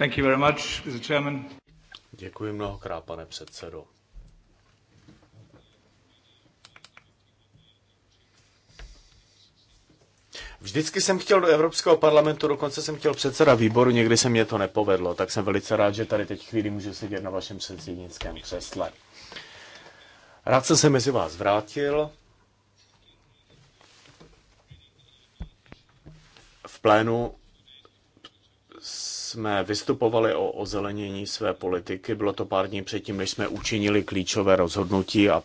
Thank you very much, Mr. Chairman. Děkuji mnohokrát, pane předsedo. Vždycky jsem chtěl do Evropského parlamentu, dokonce jsem chtěl předseda výboru, někdy se mě to nepovedlo, tak jsem velice rád, že tady teď chvíli můžu sedět na vašem předsednickém křesle. Rád jsem se mezi vás vrátil. V plénu jsme vystupovali o ozelenění své politiky. Bylo to pár dní předtím, než jsme učinili klíčové rozhodnutí a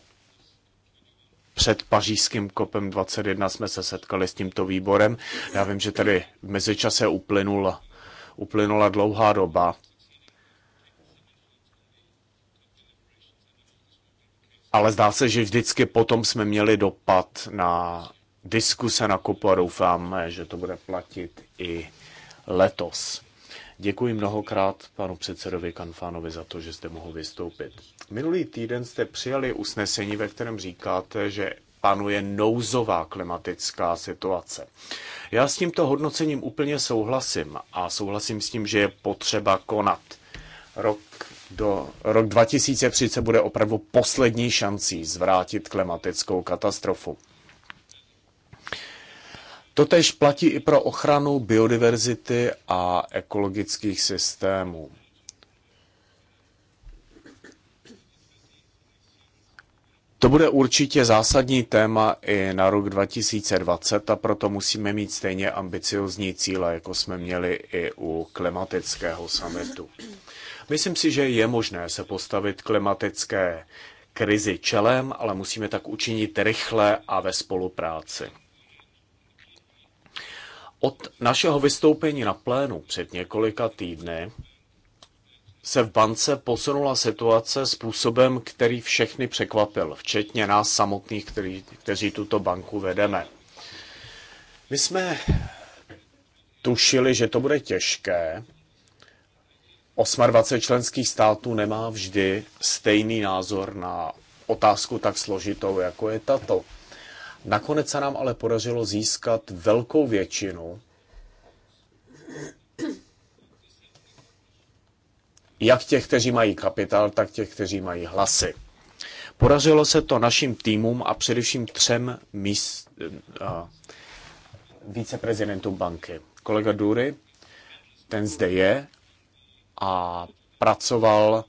před pařížským kopem 21 jsme se setkali s tímto výborem. Já vím, že tady v mezičase uplynula, uplynula dlouhá doba. Ale zdá se, že vždycky potom jsme měli dopad na diskuse na kopu a doufáme, že to bude platit i letos. Děkuji mnohokrát panu předsedovi Kanfánovi za to, že jste mohl vystoupit. Minulý týden jste přijali usnesení, ve kterém říkáte, že panuje nouzová klimatická situace. Já s tímto hodnocením úplně souhlasím a souhlasím s tím, že je potřeba konat. Rok, do, rok 2030 bude opravdu poslední šancí zvrátit klimatickou katastrofu. Totež platí i pro ochranu biodiverzity a ekologických systémů. To bude určitě zásadní téma i na rok 2020 a proto musíme mít stejně ambiciozní cíle, jako jsme měli i u klimatického summitu. Myslím si, že je možné se postavit klimatické krizi čelem, ale musíme tak učinit rychle a ve spolupráci. Od našeho vystoupení na plénu před několika týdny se v bance posunula situace způsobem, který všechny překvapil, včetně nás samotných, který, kteří tuto banku vedeme. My jsme tušili, že to bude těžké. 28 členských států nemá vždy stejný názor na otázku tak složitou, jako je tato. Nakonec se nám ale podařilo získat velkou většinu, jak těch, kteří mají kapitál, tak těch, kteří mají hlasy. Podařilo se to našim týmům a především třem míst, a, eh, eh, viceprezidentům banky. Kolega Dury, ten zde je a pracoval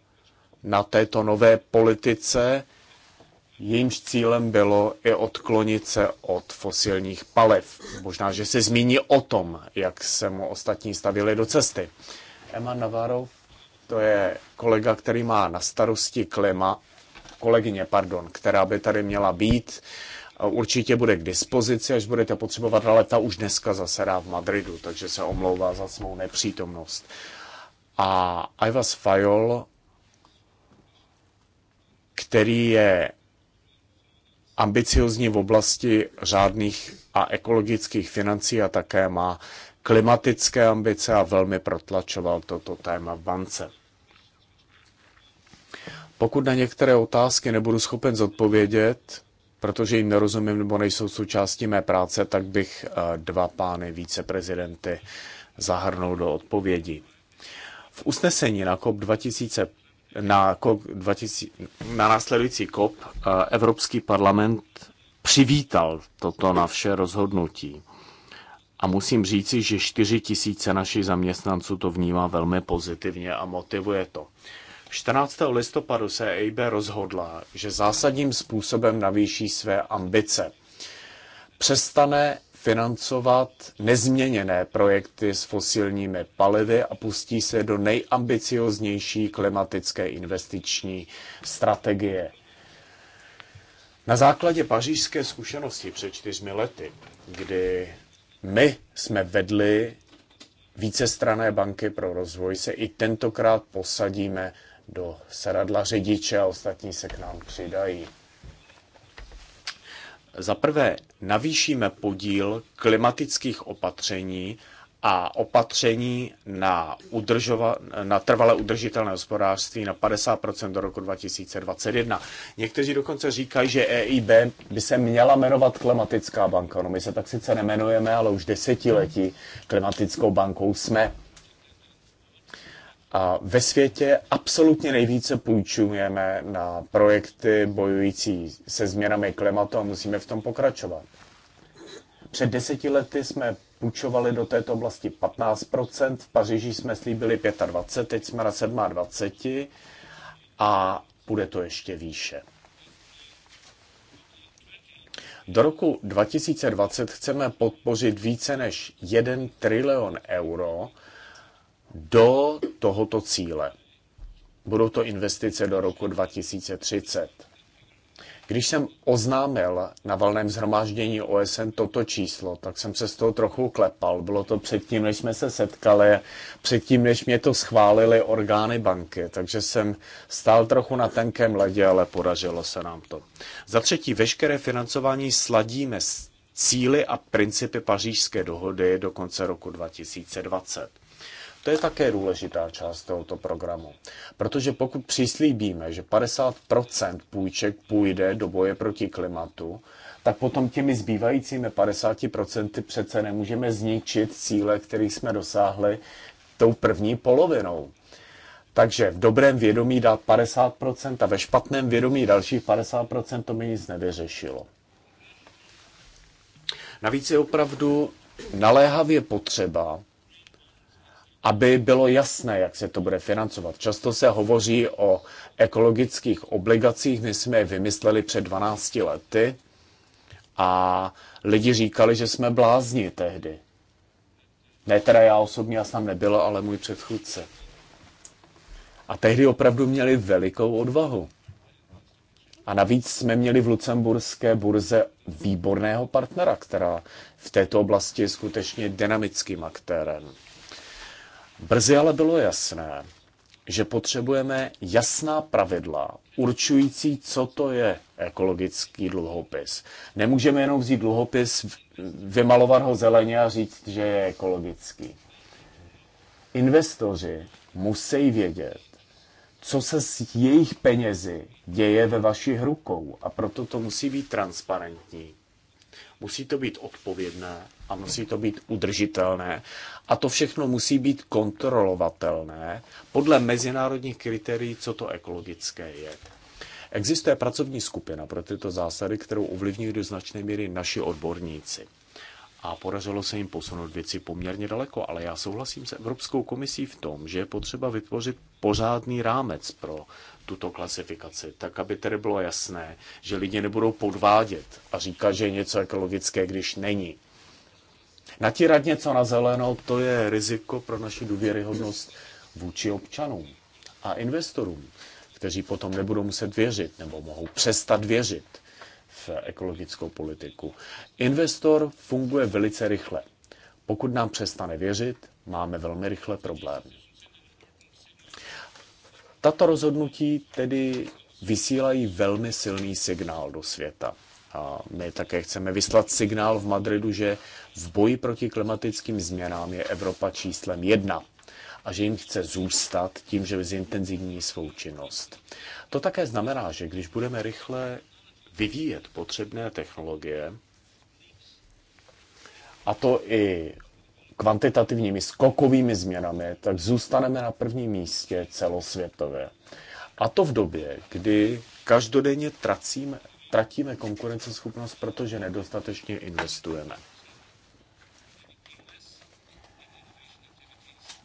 na této nové politice, jejímž cílem bylo i odklonit se od fosilních paliv. Možná, že se zmíní o tom, jak se mu ostatní stavili do cesty. Emma Navarro, to je kolega, který má na starosti klima, kolegyně, pardon, která by tady měla být. Určitě bude k dispozici, až budete potřebovat, ale ta už dneska zasedá v Madridu, takže se omlouvá za svou nepřítomnost. A Ivas Fajol, který je ambiciozní v oblasti řádných a ekologických financí a také má klimatické ambice a velmi protlačoval toto téma v bance. Pokud na některé otázky nebudu schopen zodpovědět, protože jim nerozumím nebo nejsou součástí mé práce, tak bych eh, dva pány viceprezidenty zahrnul do odpovědi. V usnesení na COP 2000 na, COP 2000, na následující COP eh, Evropský parlament přivítal toto na vše rozhodnutí. A musím říci, že 4 tisíce našich zaměstnanců to vnímá velmi pozitivně a motivuje to. 14. listopadu se EIB rozhodla, že zásadním způsobem navýší své ambice. Přestane financovat nezměněné projekty s fosilními palivy a pustí se do nejambicioznější klimatické investiční strategie. Na základě pařížské zkušenosti před čtyřmi lety, kdy my jsme vedli vícestrané banky pro rozvoj, se i tentokrát posadíme do sedadla řidiče a ostatní se k nám přidají. Za prvé navýšíme podíl klimatických opatření a opatření na, udržova, na trvalé udržitelné hospodářství na 50% do roku 2021. Někteří dokonce říkají, že EIB by se měla jmenovat klimatická banka. No my se tak sice nemenujeme, ale už desetiletí klimatickou bankou jsme ve světě absolutně nejvíce půjčujeme na projekty bojující se změnami klimatu a musíme v tom pokračovat. Před deseti lety jsme půjčovali do této oblasti 15%, v Paříži jsme slíbili 25%, teď jsme na 27% a bude to ještě výše. Do roku 2020 chceme podpořit více než 1 trilion euro do tohoto cíle. Budou to investice do roku 2030. Když jsem oznámil na valném zhromáždění OSN toto číslo, tak jsem se z toho trochu klepal. Bylo to předtím, než jsme se setkali, předtím, než mě to schválili orgány banky, takže jsem stál trochu na tenkém ledě, ale podařilo se nám to. Za třetí, veškeré financování sladíme s cíly a principy pařížské dohody do konce roku 2020. To je také důležitá část tohoto programu. Protože pokud přislíbíme, že 50% půjček půjde do boje proti klimatu, tak potom těmi zbývajícími 50% přece nemůžeme zničit cíle, které jsme dosáhli tou první polovinou. Takže v dobrém vědomí dát 50% a ve špatném vědomí dalších 50% to mi nic nevyřešilo. Navíc je opravdu naléhavě potřeba aby bylo jasné, jak se to bude financovat. Často se hovoří o ekologických obligacích, my jsme je vymysleli před 12 lety a lidi říkali, že jsme blázni tehdy. Ne teda já osobně, já jsem nebyl, ale můj předchůdce. A tehdy opravdu měli velikou odvahu. A navíc jsme měli v lucemburské burze výborného partnera, která v této oblasti je skutečně dynamickým aktérem. Brzy ale bylo jasné, že potřebujeme jasná pravidla určující, co to je ekologický dluhopis. Nemůžeme jenom vzít dluhopis, vymalovat ho zeleně a říct, že je ekologický. Investoři musí vědět, co se s jejich penězi děje ve vašich rukou a proto to musí být transparentní. Musí to být odpovědné a musí to být udržitelné. A to všechno musí být kontrolovatelné podle mezinárodních kritérií, co to ekologické je. Existuje pracovní skupina pro tyto zásady, kterou ovlivňují do značné míry naši odborníci. A podařilo se jim posunout věci poměrně daleko, ale já souhlasím s Evropskou komisí v tom, že je potřeba vytvořit pořádný rámec pro tuto klasifikaci, tak aby tedy bylo jasné, že lidi nebudou podvádět a říkat, že je něco ekologické, když není. Natírat něco na zelenou, to je riziko pro naši důvěryhodnost vůči občanům a investorům, kteří potom nebudou muset věřit nebo mohou přestat věřit v ekologickou politiku. Investor funguje velice rychle. Pokud nám přestane věřit, máme velmi rychle problém. Tato rozhodnutí tedy vysílají velmi silný signál do světa. A my také chceme vyslat signál v Madridu, že v boji proti klimatickým změnám je Evropa číslem jedna a že jim chce zůstat tím, že zintenzivní svou činnost. To také znamená, že když budeme rychle vyvíjet potřebné technologie, a to i kvantitativními skokovými změnami, tak zůstaneme na prvním místě celosvětově. A to v době, kdy každodenně tracíme, tratíme konkurenceschopnost, protože nedostatečně investujeme.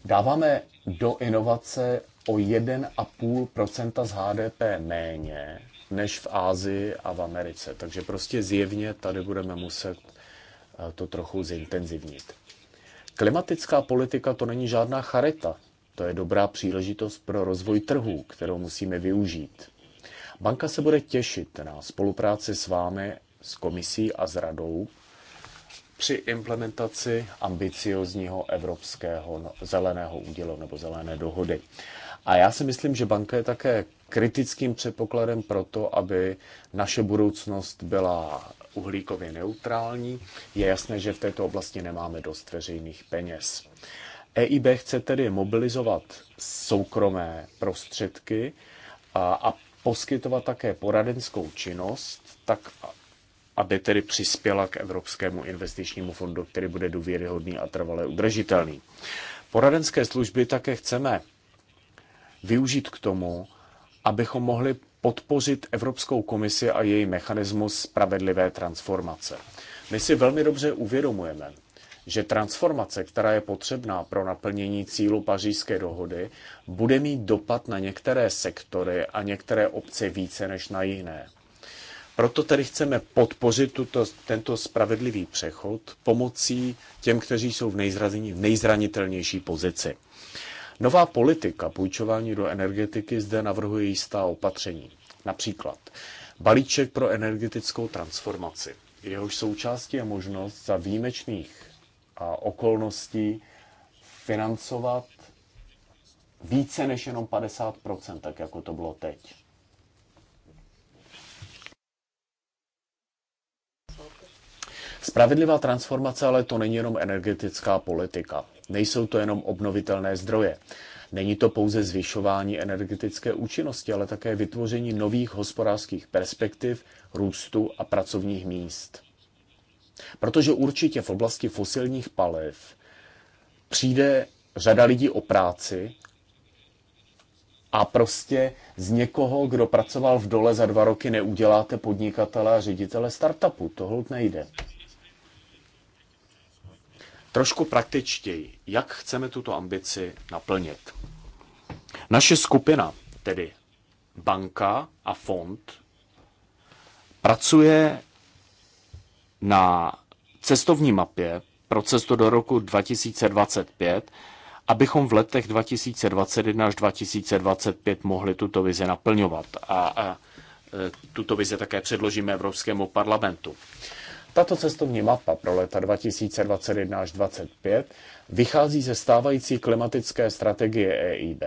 Dáváme do inovace o 1,5 z HDP méně než v Ázii a v Americe. Takže prostě zjevně tady budeme muset eh, to trochu zintenzivnit. Klimatická politika to není žádná charita, to je dobrá příležitost pro rozvoj trhů, kterou musíme využít. Banka se bude těšit na spolupráci s vámi, s komisí a s radou při implementaci ambiciozního evropského no-, zeleného údělu nebo zelené dohody. A já si myslím, že banka je také kritickým předpokladem pro to, aby naše budoucnost byla uhlíkově neutrální. Je jasné, že v této oblasti nemáme dost veřejných peněz. EIB chce tedy mobilizovat soukromé prostředky a, a poskytovat také poradenskou činnost, tak aby tedy přispěla k Evropskému investičnímu fondu, který bude důvěryhodný a trvale udržitelný. Poradenské služby také chceme využít k tomu, abychom mohli podpořit Evropskou komisi a její mechanismus spravedlivé transformace. My si velmi dobře uvědomujeme, že transformace, která je potřebná pro naplnění cílu pařížské dohody, bude mít dopad na některé sektory a některé obce více než na jiné. Proto tedy chceme podpořit tuto, tento spravedlivý přechod pomocí těm, kteří jsou v, v nejzranitelnější pozici. Nová politika půjčování do energetiky zde navrhuje jistá opatření. Například balíček pro energetickou transformaci. Jehož součástí je možnost za výjimečných okolností financovat více než jenom 50%, tak jako to bylo teď. Spravedlivá transformace ale to není jenom energetická politika. Nejsou to jenom obnovitelné zdroje. Není to pouze zvyšování energetické účinnosti, ale také vytvoření nových hospodářských perspektiv, růstu a pracovních míst. Protože určitě v oblasti fosilních paliv přijde řada lidí o práci a prostě z někoho, kdo pracoval v dole za dva roky, neuděláte podnikatele a ředitele startupu. To nejde trošku praktičtěji, jak chceme tuto ambici naplnit. Naše skupina, tedy banka a fond, pracuje na cestovní mapě pro cestu do roku 2025, abychom v letech 2021 až 2025 mohli tuto vizi naplňovat. A, a e, tuto vizi také předložíme Evropskému parlamentu. Tato cestovní mapa pro leta 2021 až 2025 vychází ze stávající klimatické strategie EIB,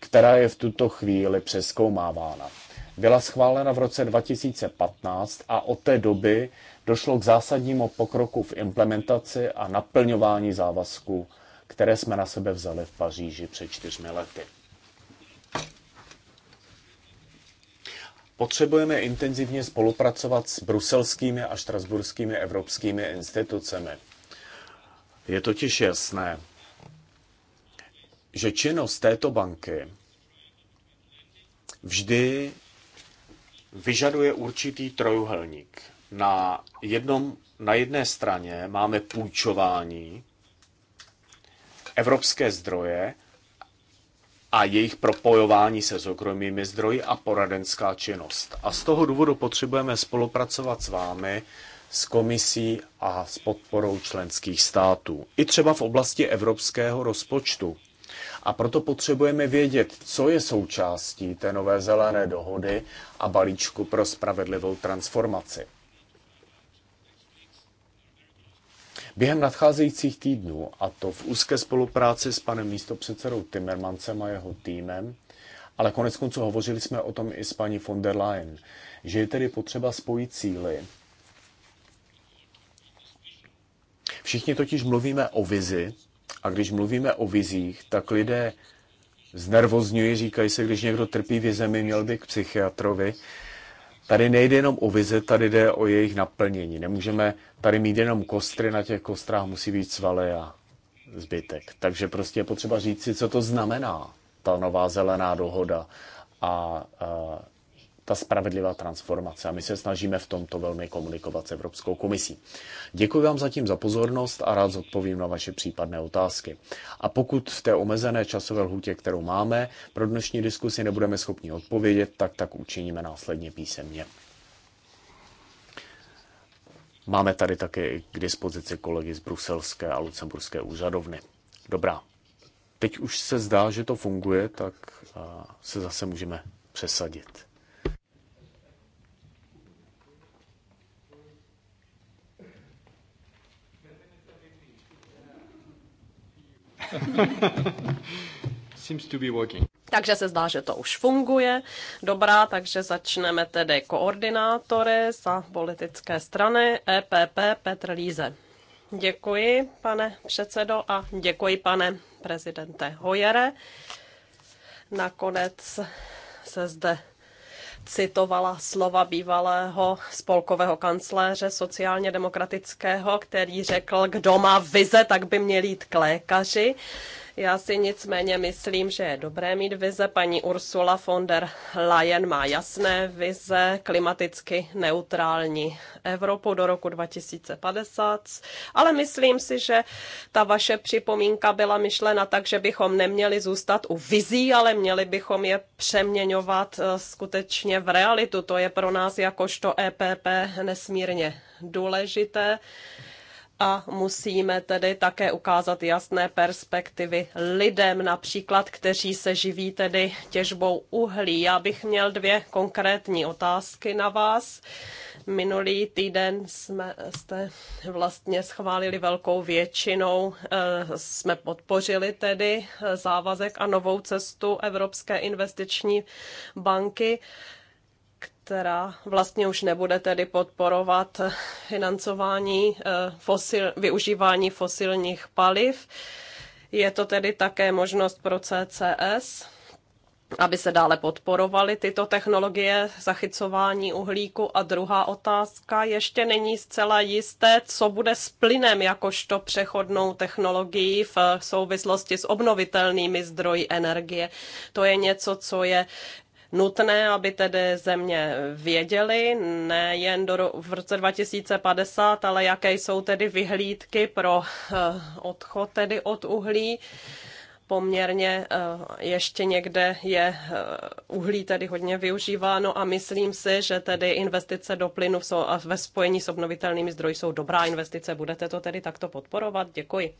která je v tuto chvíli přeskoumávána. Byla schválena v roce 2015 a od té doby došlo k zásadnímu pokroku v implementaci a naplňování závazků, které jsme na sebe vzali v Paříži před čtyřmi lety. Potřebujeme intenzivně spolupracovat s bruselskými a štrasburskými evropskými institucemi. Je totiž jasné, že činnost této banky vždy vyžaduje určitý trojuhelník. Na, jednom, na jedné straně máme půjčování, evropské zdroje a jejich propojování se soukromými zdroji a poradenská činnost. A z toho důvodu potřebujeme spolupracovat s vámi, s komisí a s podporou členských států. I třeba v oblasti evropského rozpočtu. A proto potřebujeme vědět, co je součástí té nové zelené dohody a balíčku pro spravedlivou transformaci. během nadcházejících týdnů, a to v úzké spolupráci s panem místopředsedou Timmermansem a jeho týmem, ale konec konců hovořili jsme o tom i s paní von der Leyen, že je tedy potřeba spojit cíly. Všichni totiž mluvíme o vizi a když mluvíme o vizích, tak lidé znervozňují, říkají se, když někdo trpí vizemi, měl by k psychiatrovi Tady nejde jenom o vize, tady jde o jejich naplnění. Nemůžeme tady mít jenom kostry, na těch kostrách musí být svaly a zbytek. Takže prostě je potřeba říct si, co to znamená, ta nová zelená dohoda a, a ta spravedlivá transformace. A my se snažíme v tomto velmi komunikovat s Evropskou komisí. Děkuji vám zatím za pozornost a rád zodpovím na vaše případné otázky. A pokud v té omezené časové lhůtě, kterou máme, pro dnešní diskusi nebudeme schopni odpovědět, tak tak učiníme následně písemně. Máme tady také k dispozici kolegy z bruselské a lucemburské úřadovny. Dobrá. Teď už se zdá, že to funguje, tak eh, se zase můžeme přesadit. Seems to be working. Takže se zdá, že to už funguje. Dobrá, takže začneme tedy koordinátory za politické strany EPP Petr Líze. Děkuji, pane předsedo, a děkuji, pane prezidente Hojere. Nakonec se zde citovala slova bývalého spolkového kancléře sociálně demokratického, který řekl, kdo má vize, tak by měl jít k lékaři. Já si nicméně myslím, že je dobré mít vize. Paní Ursula von der Leyen má jasné vize klimaticky neutrální Evropu do roku 2050, ale myslím si, že ta vaše připomínka byla myšlena tak, že bychom neměli zůstat u vizí, ale měli bychom je přeměňovat eh, skutečně v realitu. To je pro nás jakožto EPP nesmírně důležité a musíme tedy také ukázat jasné perspektivy lidem, například, kteří se živí tedy těžbou uhlí. Já bych měl dvě konkrétní otázky na vás. Minulý týden jsme, jste vlastně schválili velkou většinou, eh, jsme podpořili tedy závazek a novou cestu Evropské investiční banky která vlastně už nebude tedy podporovat financování eh, fosil, využívání fosilních paliv. Je to tedy také možnost pro CCS, aby se dále podporovaly tyto technologie zachycování uhlíku. A druhá otázka, ještě není zcela jisté, co bude s plynem jakožto přechodnou technologií v souvislosti s obnovitelnými zdroji energie. To je něco, co je nutné, aby tedy země věděly, nejen do, v roce 2050, ale jaké jsou tedy vyhlídky pro eh, odchod tedy od uhlí poměrně eh, ještě někde je eh, uhlí tedy hodně využíváno a myslím si, že tedy investice do plynu a ve spojení s obnovitelnými zdroji jsou dobrá investice. Budete to tedy takto podporovat? Děkuji.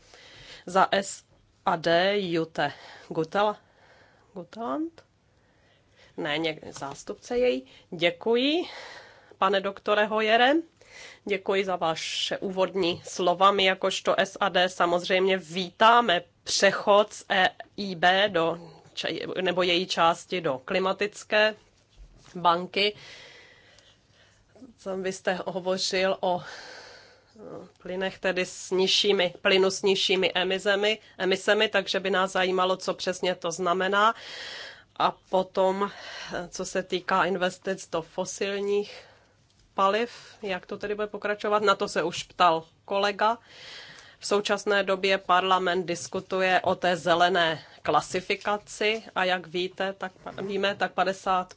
Za S a D Jute Gutal. Gutaland? ne, něk- zástupce její. Děkuji, pane doktore Hojere. Děkuji za vaše úvodní slova. My jakožto SAD samozřejmě vítáme přechod z EIB do, nebo její části do klimatické banky. Tam vy jste hovořil o eh, plynech tedy s nižšími, plynu s nižšími emisemi, emisemi, takže by nás zajímalo, co přesně to znamená. A potom, co se týká investic do fosilních paliv, jak to tedy bude pokračovat, na to se už ptal kolega. V současné době parlament diskutuje o té zelené klasifikaci a jak víte, tak víme, tak 50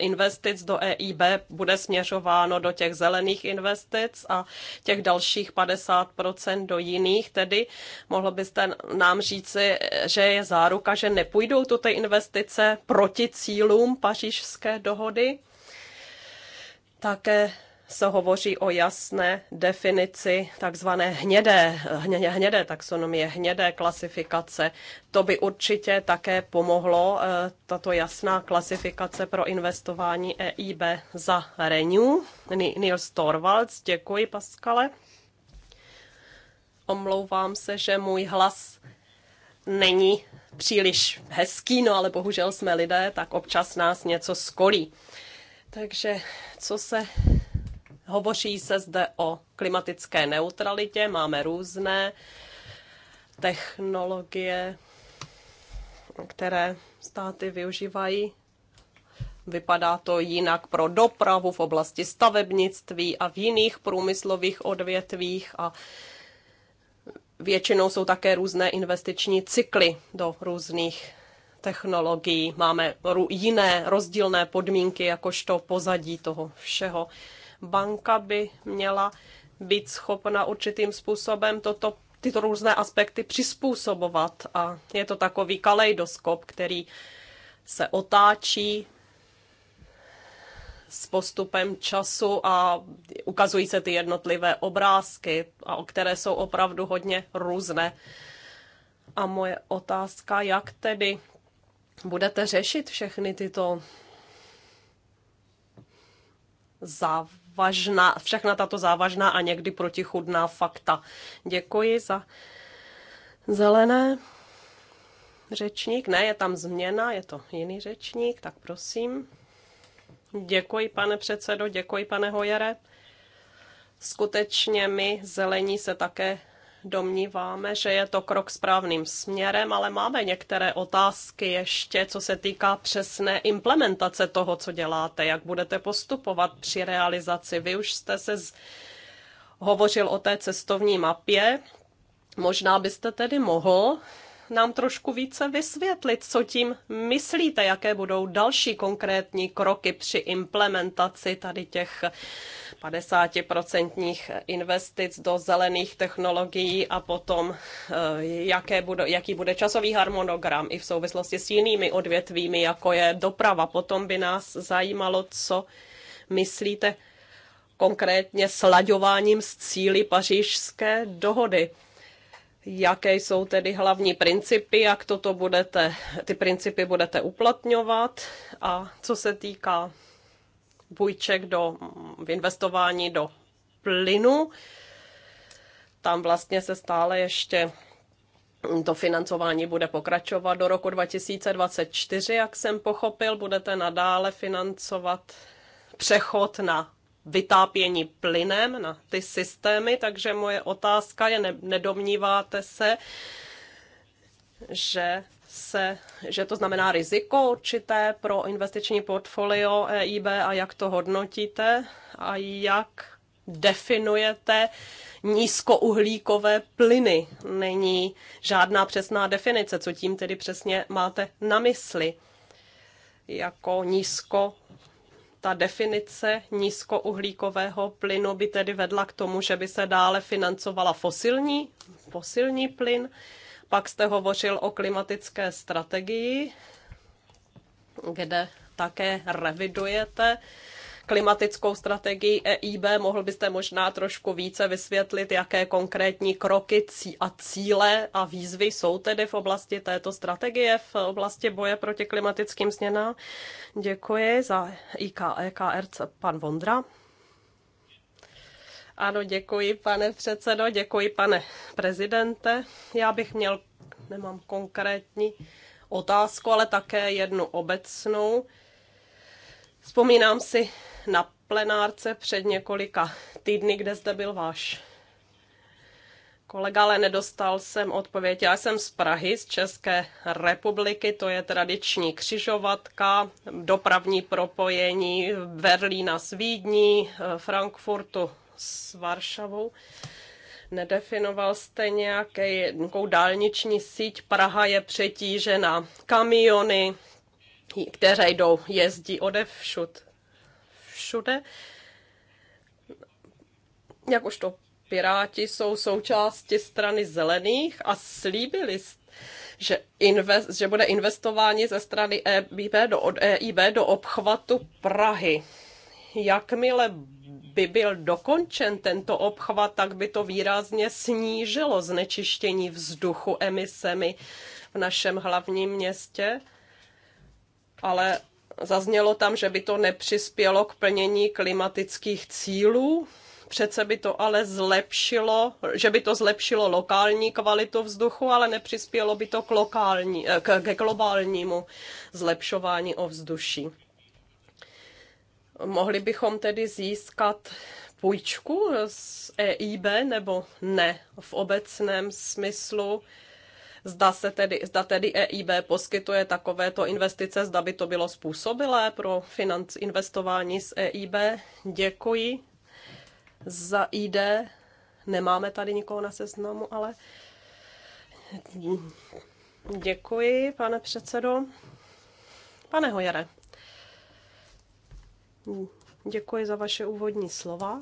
investic do EIB bude směřováno do těch zelených investic a těch dalších 50% do jiných. Tedy mohlo byste nám říci, že je záruka, že nepůjdou tu ty investice proti cílům pařížské dohody? Také se hovoří o jasné definici takzvané hnědé, hnědé, hnědé taxonomie, hnědé klasifikace. To by určitě také pomohlo, eh, tato jasná klasifikace pro investování EIB za Renew. Nils Torvalds, děkuji Paskale. Omlouvám se, že můj hlas není příliš hezký, no ale bohužel jsme lidé, tak občas nás něco skolí. Takže co se Hovoří se zde o klimatické neutralitě, máme různé technologie, které státy využívají. Vypadá to jinak pro dopravu v oblasti stavebnictví a v jiných průmyslových odvětvích a většinou jsou také různé investiční cykly do různých technologií. Máme jiné rozdílné podmínky, jakožto pozadí toho všeho banka by měla být schopna určitým způsobem toto tyto různé aspekty přizpůsobovat a je to takový kaleidoskop, který se otáčí s postupem času a ukazují se ty jednotlivé obrázky, a které jsou opravdu hodně různé. A moje otázka, jak tedy budete řešit všechny tyto záv- závažná, všechna tato závažná a někdy protichudná fakta. Děkuji za zelené. Řečník, ne, je tam změna, je to jiný řečník, tak prosím. Děkuji, pane předsedo, děkuji, pane Hojere. Skutečně my, zelení, se také domníváme, že je to krok správným směrem, ale máme některé otázky ještě, co se týká přesné implementace toho, co děláte, jak budete postupovat při realizaci. Vy už jste se z... hovořil o té cestovní mapě, možná byste tedy mohl nám trošku více vysvětlit, co tím myslíte, jaké budou další konkrétní kroky při implementaci tady těch 50% investic do zelených technologií a potom eh, jaké bude, jaký bude časový harmonogram i v souvislosti s jinými odvětvími, jako je doprava. Potom by nás zajímalo, co myslíte konkrétně slaďováním s cíly pařížské dohody jaké jsou tedy hlavní principy, jak toto budete, ty principy budete uplatňovat a co se týká půjček do, v investování do plynu. Tam vlastně se stále ještě to financování bude pokračovat do roku 2024, jak jsem pochopil. Budete nadále financovat přechod na vytápění plynem na ty systémy, takže moje otázka je, nedomníváte se, že se, že to znamená riziko určité pro investiční portfolio EIB a jak to hodnotíte a jak definujete nízkouhlíkové plyny. Není žádná přesná definice, co tím tedy přesně máte na mysli. Jako nízko ta definice nízkouhlíkového plynu by tedy vedla k tomu, že by se dále financovala fosilní, fosilní plyn. Pak jste hovořil o klimatické strategii, kde také revidujete klimatickou strategii EIB. Mohl byste možná trošku více vysvětlit, jaké konkrétní kroky a cíle a výzvy jsou tedy v oblasti této strategie, v oblasti boje proti klimatickým změnám? Děkuji za IKEKRC pan Vondra. Ano, děkuji, pane předsedo, děkuji, pane prezidente. Já bych měl, nemám konkrétní otázku, ale také jednu obecnou. Vzpomínám si na plenárce před několika týdny, kde zde byl váš kolega, ale nedostal jsem odpověď. Já jsem z Prahy, z České republiky, to je tradiční křižovatka, dopravní propojení Berlína s Vídní, Frankfurtu s Varšavou. Nedefinoval jste nějakou dálniční síť. Praha je přetížena kamiony, které jdou, jezdí všud, Všude. Jak už to Piráti jsou součástí strany zelených a slíbili, že, invest, že bude investování ze strany EIB do, EIB do obchvatu Prahy. Jakmile by byl dokončen tento obchvat, tak by to výrazně snížilo znečištění vzduchu emisemi v našem hlavním městě. Ale zaznělo tam, že by to nepřispělo k plnění klimatických cílů. Přece by to ale zlepšilo, že by to zlepšilo lokální kvalitu vzduchu, ale nepřispělo by to k, lokální, eh, k, k globálnímu zlepšování ovzduší. Mohli bychom tedy získat půjčku z EIB nebo ne v obecném smyslu? Zda, se tedy, zda tedy EIB poskytuje takovéto investice, zda by to bylo způsobilé pro financ, investování z EIB. Děkuji za ID. Nemáme tady nikoho na seznamu, ale děkuji, pane předsedo. Pane Hojere, Hm. Děkuji za vaše úvodní slova.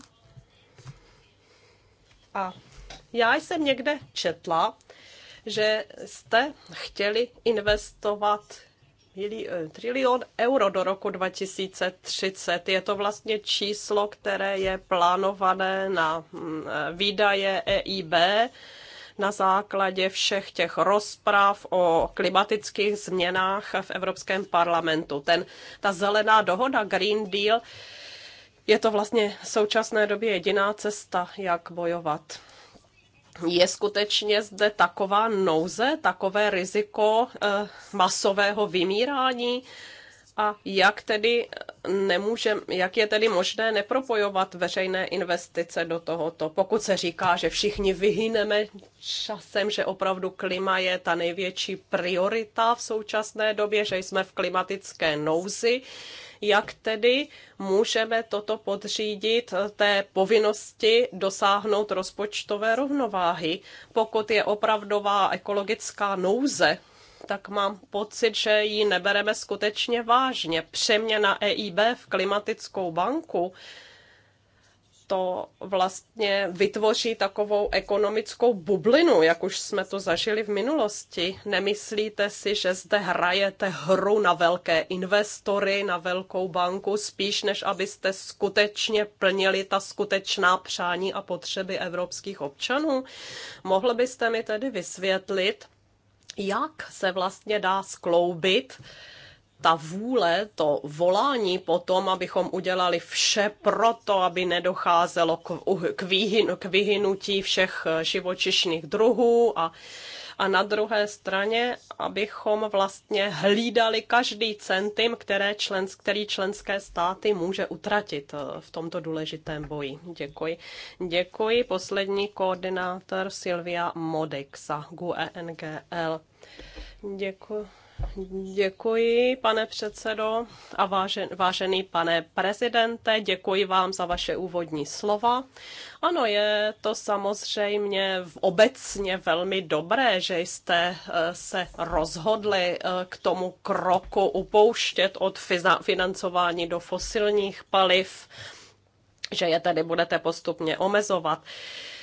A já jsem někde četla, že jste chtěli investovat eh, trilion euro do roku 2030. Je to vlastně číslo, které je plánované na hm, eh, výdaje EIB na základě všech těch rozprav o klimatických změnách v Evropském parlamentu. Ten, ta zelená dohoda, Green Deal, je to vlastně v současné době jediná cesta, jak bojovat je skutečně zde taková nouze, takové riziko eh, masového vymírání? A jak tedy eh, nemůžem, jak je tedy možné nepropojovat veřejné investice do tohoto, pokud se říká, že všichni vyhyneme časem, že opravdu klima je ta největší priorita v současné době, že jsme v klimatické nouzi, jak tedy můžeme toto podřídit eh, té povinnosti dosáhnout rozpočtové rovnováhy, pokud je opravdová ekologická nouze, tak mám pocit, že ji nebereme skutečně vážně. Přeměna EIB v klimatickou banku to vlastně vytvoří takovou ekonomickou bublinu, jak už jsme to zažili v minulosti. Nemyslíte si, že zde hrajete hru na velké investory, na velkou banku, spíš než abyste skutečně plnili ta skutečná přání a potřeby evropských občanů? Mohl byste mi tedy vysvětlit, jak se vlastně dá skloubit ta vůle, to volání po tom, abychom udělali vše pro to, aby nedocházelo k, k, k vyhynutí všech eh, živočišných druhů a, a na druhé straně, abychom vlastně hlídali každý centim, které člens, který členské státy může utratit eh, v tomto důležitém boji. Děkuji. Děkuji. Poslední koordinátor Silvia Modexa, GUENGL. Děkuji. Děkuji, pane předsedo a vážen, vážený pane prezidente, děkuji vám za vaše úvodní slova. Ano, je to samozřejmě obecně velmi dobré, že jste eh, se rozhodli eh, k tomu kroku upouštět od financování do fosilních paliv, že je tedy budete postupně omezovat.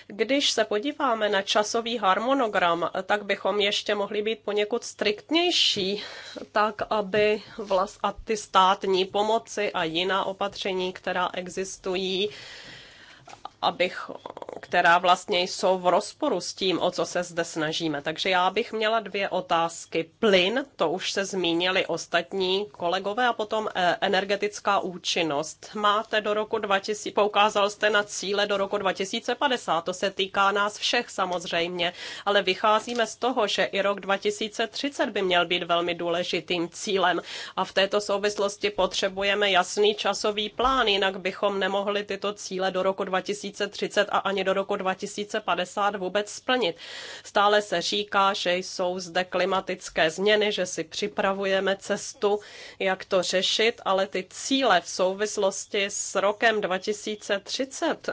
Když se podíváme na časový harmonogram, tak bychom ještě mohli být poněkud striktnější, tak aby vlast a ty státní pomoci a jiná opatření, která existují, abych, která vlastně jsou v rozporu s tím, o co se zde snažíme. Takže já bych měla dvě otázky. Plyn, to už se zmínili ostatní kolegové, a potom eh, energetická účinnost. Máte do roku 2000, poukázal jste na cíle do roku 2050, to se týká nás všech samozřejmě, ale vycházíme z toho, že i rok 2030 by měl být velmi důležitým cílem a v této souvislosti potřebujeme jasný časový plán, jinak bychom nemohli tyto cíle do roku 2030 2030 a ani do roku 2050 vůbec splnit. Stále se říká, že jsou zde klimatické změny, že si připravujeme cestu, jak to řešit, ale ty cíle v souvislosti s rokem 2030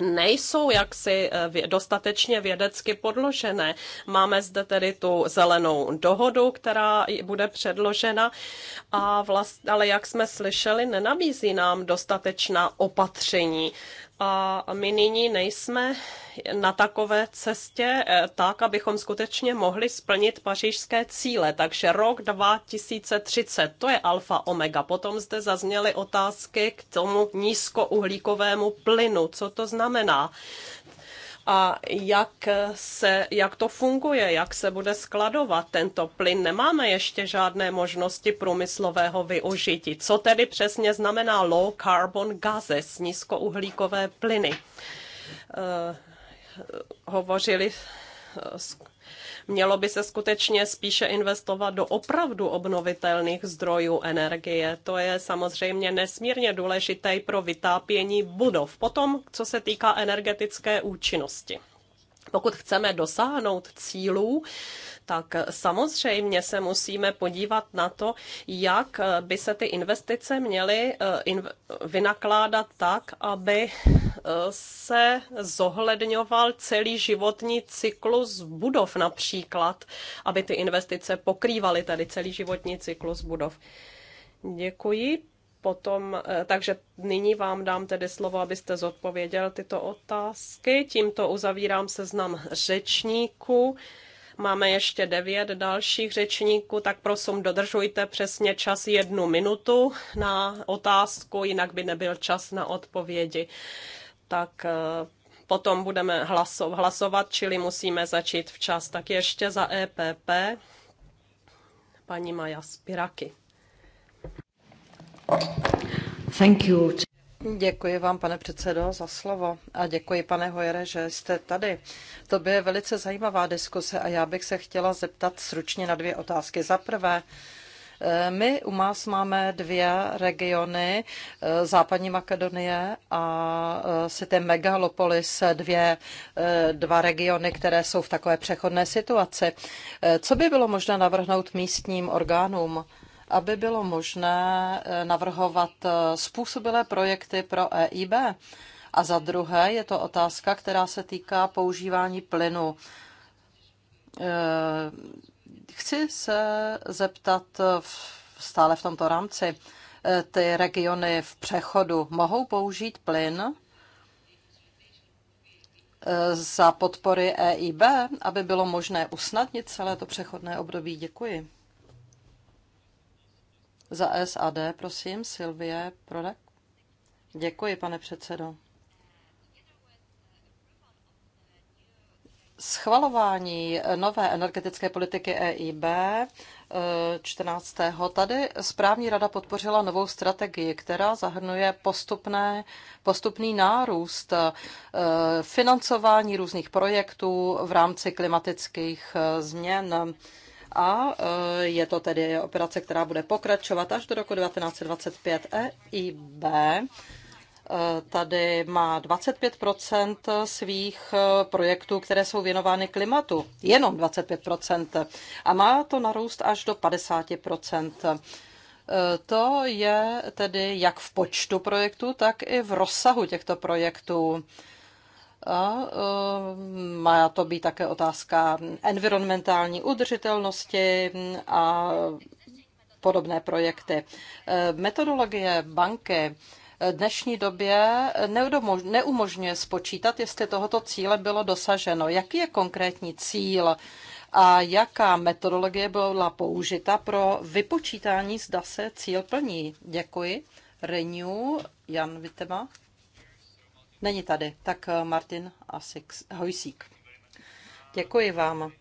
nejsou jaksi eh, dostatečně vědecky podložené. Máme zde tedy tu zelenou dohodu, která bude předložena, a vlast, ale jak jsme slyšeli, nenabízí nám dostatečná opatření a my nyní nejsme na takové cestě eh, tak, abychom skutečně mohli splnit pařížské cíle. Takže rok 2030, to je alfa omega. Potom zde zazněly otázky k tomu nízkouhlíkovému plynu. Co to znamená? a jak, se, jak to funguje, jak se bude skladovat tento plyn. Nemáme ještě žádné možnosti průmyslového využití. Co tedy přesně znamená low carbon gases, nízkouhlíkové plyny? Uh, hovořili Mělo by se skutečně spíše investovat do opravdu obnovitelných zdrojů energie. To je samozřejmě nesmírně důležité i pro vytápění budov. Potom, co se týká energetické účinnosti. Pokud chceme dosáhnout cílů, tak samozřejmě se musíme podívat na to, jak by se ty investice měly eh, vynakládat tak, aby eh, se zohledňoval celý životní cyklus budov například, aby ty investice pokrývaly tady celý životní cyklus budov. Děkuji. Potom, eh, takže nyní vám dám tedy slovo, abyste zodpověděl tyto otázky. Tímto uzavírám seznam řečníků. Máme ještě devět dalších řečníků, tak prosím dodržujte přesně čas jednu minutu na otázku, jinak by nebyl čas na odpovědi. Tak eh, potom budeme hlasovat, čili musíme začít včas. Tak ještě za EPP paní Maja Spiraky. Thank you. Děkuji vám, pane předsedo, za slovo a děkuji, pane Hojere, že jste tady. To by je velice zajímavá diskuse a já bych se chtěla zeptat sručně na dvě otázky. Za prvé, eh, my u nás máme dvě regiony, eh, západní Makedonie a si eh, ty megalopolis, dvě, dva regiony, které jsou v takové přechodné situaci. Co by bylo možné navrhnout místním orgánům? aby bylo možné eh, navrhovat eh, způsobilé projekty pro EIB. A za druhé je to otázka, která se týká používání plynu. Eh, chci se zeptat v, stále v tomto rámci. Ty regiony v přechodu mohou použít plyn za podpory EIB, aby bylo možné usnadnit celé to přechodné období? Děkuji. Za SAD, prosím, Silvie Prodek. Děkuji, pane předsedo. Schvalování nové energetické politiky EIB 14. Eh, Tady správní rada podpořila novou strategii, která zahrnuje postupné, postupný nárůst eh, financování různých projektů v rámci klimatických eh, změn a e, je to tedy operace, která bude pokračovat až do roku 1925 EIB. E, tady má 25 svých e, projektů, které jsou věnovány klimatu. Jenom 25 A má to narůst až do 50 To je tedy jak v počtu projektů, tak i v rozsahu těchto projektů. A e, má to být také otázka environmentální udržitelnosti a podobné projekty. E, metodologie banky dnešní době neumožňuje spočítat, jestli tohoto cíle bylo dosaženo. Jaký je konkrétní cíl a jaká metodologie byla použita pro vypočítání, zda se cíl plní? Děkuji. Renew, Jan Vitema. Není tady, tak eh, Martin Asik, Hojsík. Děkuji vám.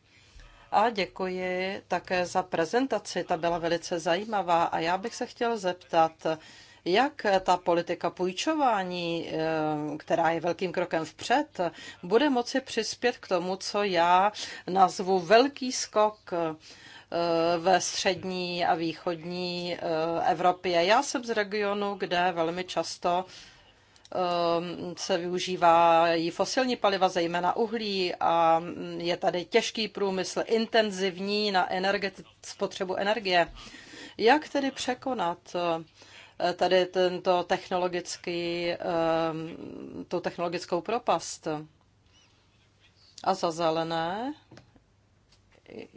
A děkuji také za prezentaci, ta byla velice zajímavá. A já bych se chtěl zeptat, jak ta politika půjčování, eh, která je velkým krokem vpřed, bude moci přispět k tomu, co já nazvu velký skok eh, ve střední a východní Evropě. Já jsem z regionu, kde velmi často Ehm, se využívají fosilní paliva, zejména uhlí a mm, je tady těžký průmysl, intenzivní na energeti- spotřebu energie. Jak tedy překonat eh, tady tento technologický, ehm, tu technologickou propast? A za zelené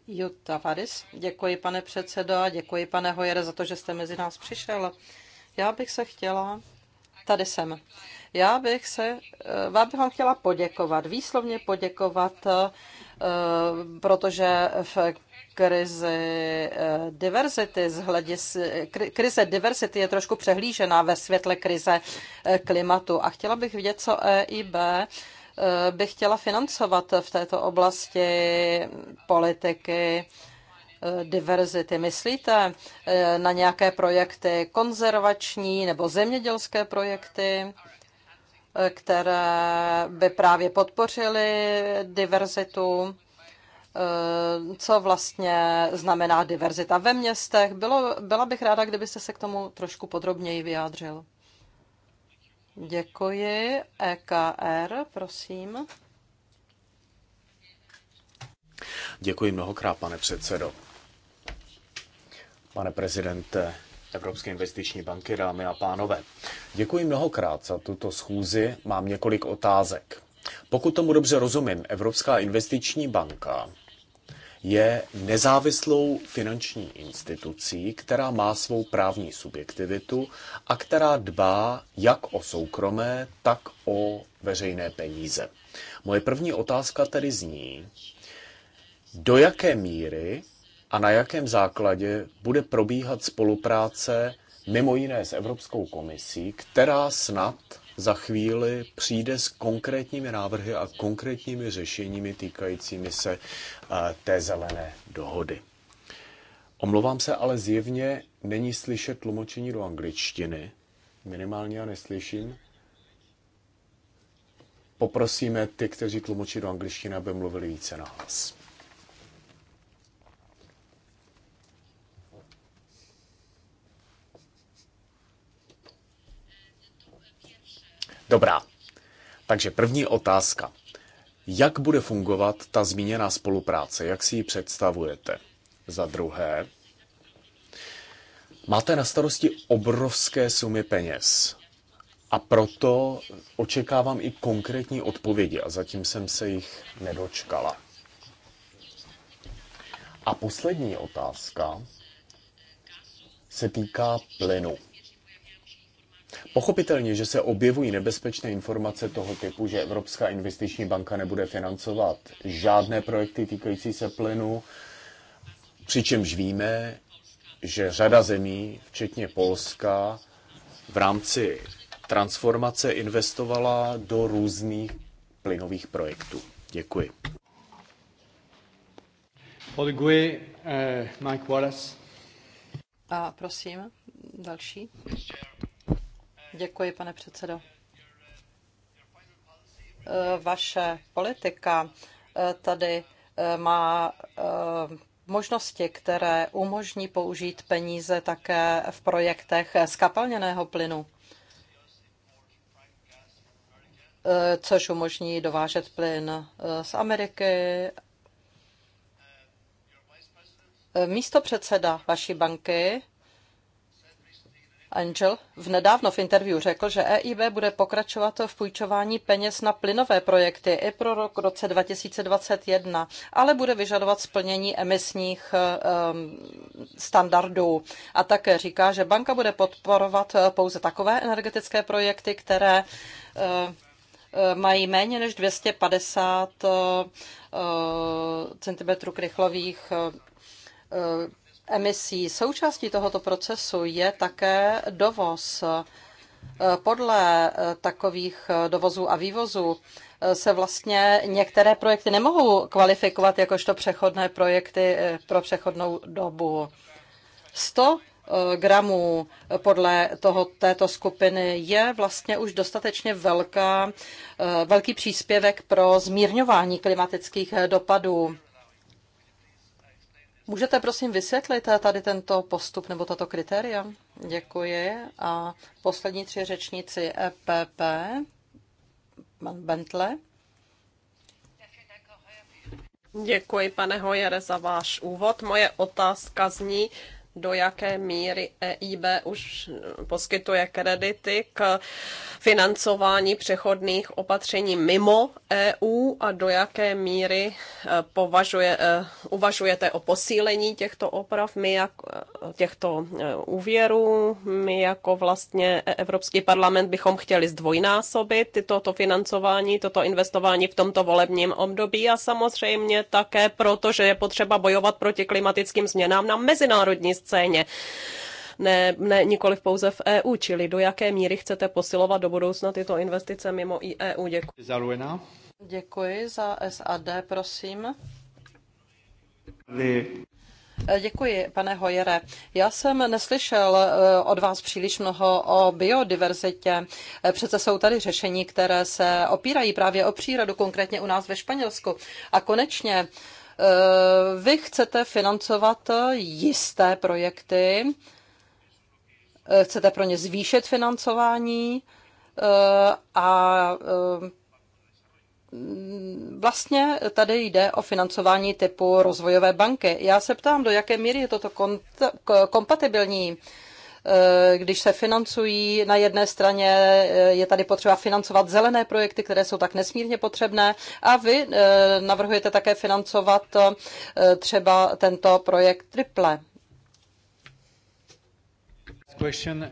Jutta Varis. Děkuji, pane předsedo, a děkuji, pane Hojere, za to, že jste mezi nás přišel. Já bych se chtěla Tady jsem. Já bych se, vám eh, bych vám chtěla poděkovat, výslovně poděkovat, eh, protože v krizi eh, diverzity, z hledis, krize diverzity je trošku přehlížená ve světle krize klimatu. A chtěla bych vidět, co EIB by chtěla financovat v této oblasti politiky diverzity. Myslíte eh, na nějaké projekty konzervační nebo zemědělské projekty, eh, které by právě podpořily diverzitu? Eh, co vlastně znamená diverzita ve městech? Bylo, byla bych ráda, kdybyste se k tomu trošku podrobněji vyjádřil. Děkuji. EKR, prosím. Děkuji mnohokrát, pane předsedo pane prezidente Evropské investiční banky, dámy a pánové. Děkuji mnohokrát za tuto schůzi. Mám několik otázek. Pokud tomu dobře rozumím, Evropská investiční banka je nezávislou finanční institucí, která má svou právní subjektivitu a která dbá jak o soukromé, tak o veřejné peníze. Moje první otázka tedy zní, do jaké míry a na jakém základě bude probíhat spolupráce mimo jiné s Evropskou komisí, která snad za chvíli přijde s konkrétními návrhy a konkrétními řešeními týkajícími se eh, té zelené dohody. Omlouvám se, ale zjevně není slyšet tlumočení do angličtiny. Minimálně já neslyším. Poprosíme ty, kteří tlumočí do angličtiny, aby mluvili více na hlas. Dobrá. Takže první otázka. Jak bude fungovat ta zmíněná spolupráce? Jak si ji představujete? Za druhé, máte na starosti obrovské sumy peněz. A proto očekávám i konkrétní odpovědi a zatím jsem se jich nedočkala. A poslední otázka se týká plynu. Pochopitelně, že se objevují nebezpečné informace toho typu, že Evropská investiční banka nebude financovat žádné projekty týkající se plynu, přičemž víme, že řada zemí, včetně Polska, v rámci transformace investovala do různých plynových projektů. Děkuji. Děkuji, eh, Mike Wallace. A prosím, další. Děkuji, pane předsedo. Eh, vaše politika eh, tady eh, má možnosti, které umožní použít peníze také v projektech skapalněného plynu, což umožní dovážet plyn z Ameriky. Místo předseda vaší banky Angel v nedávno v interview řekl, že EIB bude pokračovat v půjčování peněz na plynové projekty i pro rok roce 2021, ale bude vyžadovat splnění emisních um, standardů. A také říká, že banka bude podporovat eh, pouze takové energetické projekty, které uh, mají méně než 250 uh, cm krychlových uh, emisí. Součástí tohoto procesu je také dovoz. Podle takových dovozů a vývozů se vlastně některé projekty nemohou kvalifikovat jakožto přechodné projekty pro přechodnou dobu. 100 gramů podle toho, této skupiny je vlastně už dostatečně velká, velký příspěvek pro zmírňování klimatických dopadů. Můžete prosím vysvětlit eh, tady tento postup nebo tato kritéria? Děkuji. A poslední tři řečníci EPP, pan Bentle. Děkuji, pane Hojere, za váš úvod. Moje otázka zní, do jaké míry EIB už poskytuje kredity k financování přechodných opatření mimo EU a do jaké míry eh, považuje, eh, uvažujete o posílení těchto oprav, my jak, eh, těchto úvěrů. My jako vlastně Evropský parlament bychom chtěli zdvojnásobit toto financování, toto investování v tomto volebním období a samozřejmě také proto, že je potřeba bojovat proti klimatickým změnám na mezinárodní scéně ne, ne nikoli pouze v EU, čili do jaké míry chcete posilovat do budoucna tyto investice mimo i EU. Děkuji. Za Děkuji za SAD, prosím. Vy. E, děkuji, pane Hojere. Já jsem neslyšel e, od vás příliš mnoho o biodiverzitě. E, přece jsou tady řešení, které se opírají právě o přírodu, konkrétně u nás ve Španělsku. A konečně Eh, vy chcete financovat jisté projekty, eh, chcete pro ně zvýšit financování eh, a vlastně tady jde o financování typu rozvojové banky. Já se ptám, do jaké míry je toto kompatibilní Eh, když se financují na jedné straně, eh, je tady potřeba financovat zelené projekty, které jsou tak nesmírně potřebné a vy eh, navrhujete také financovat třeba tento projekt Triple.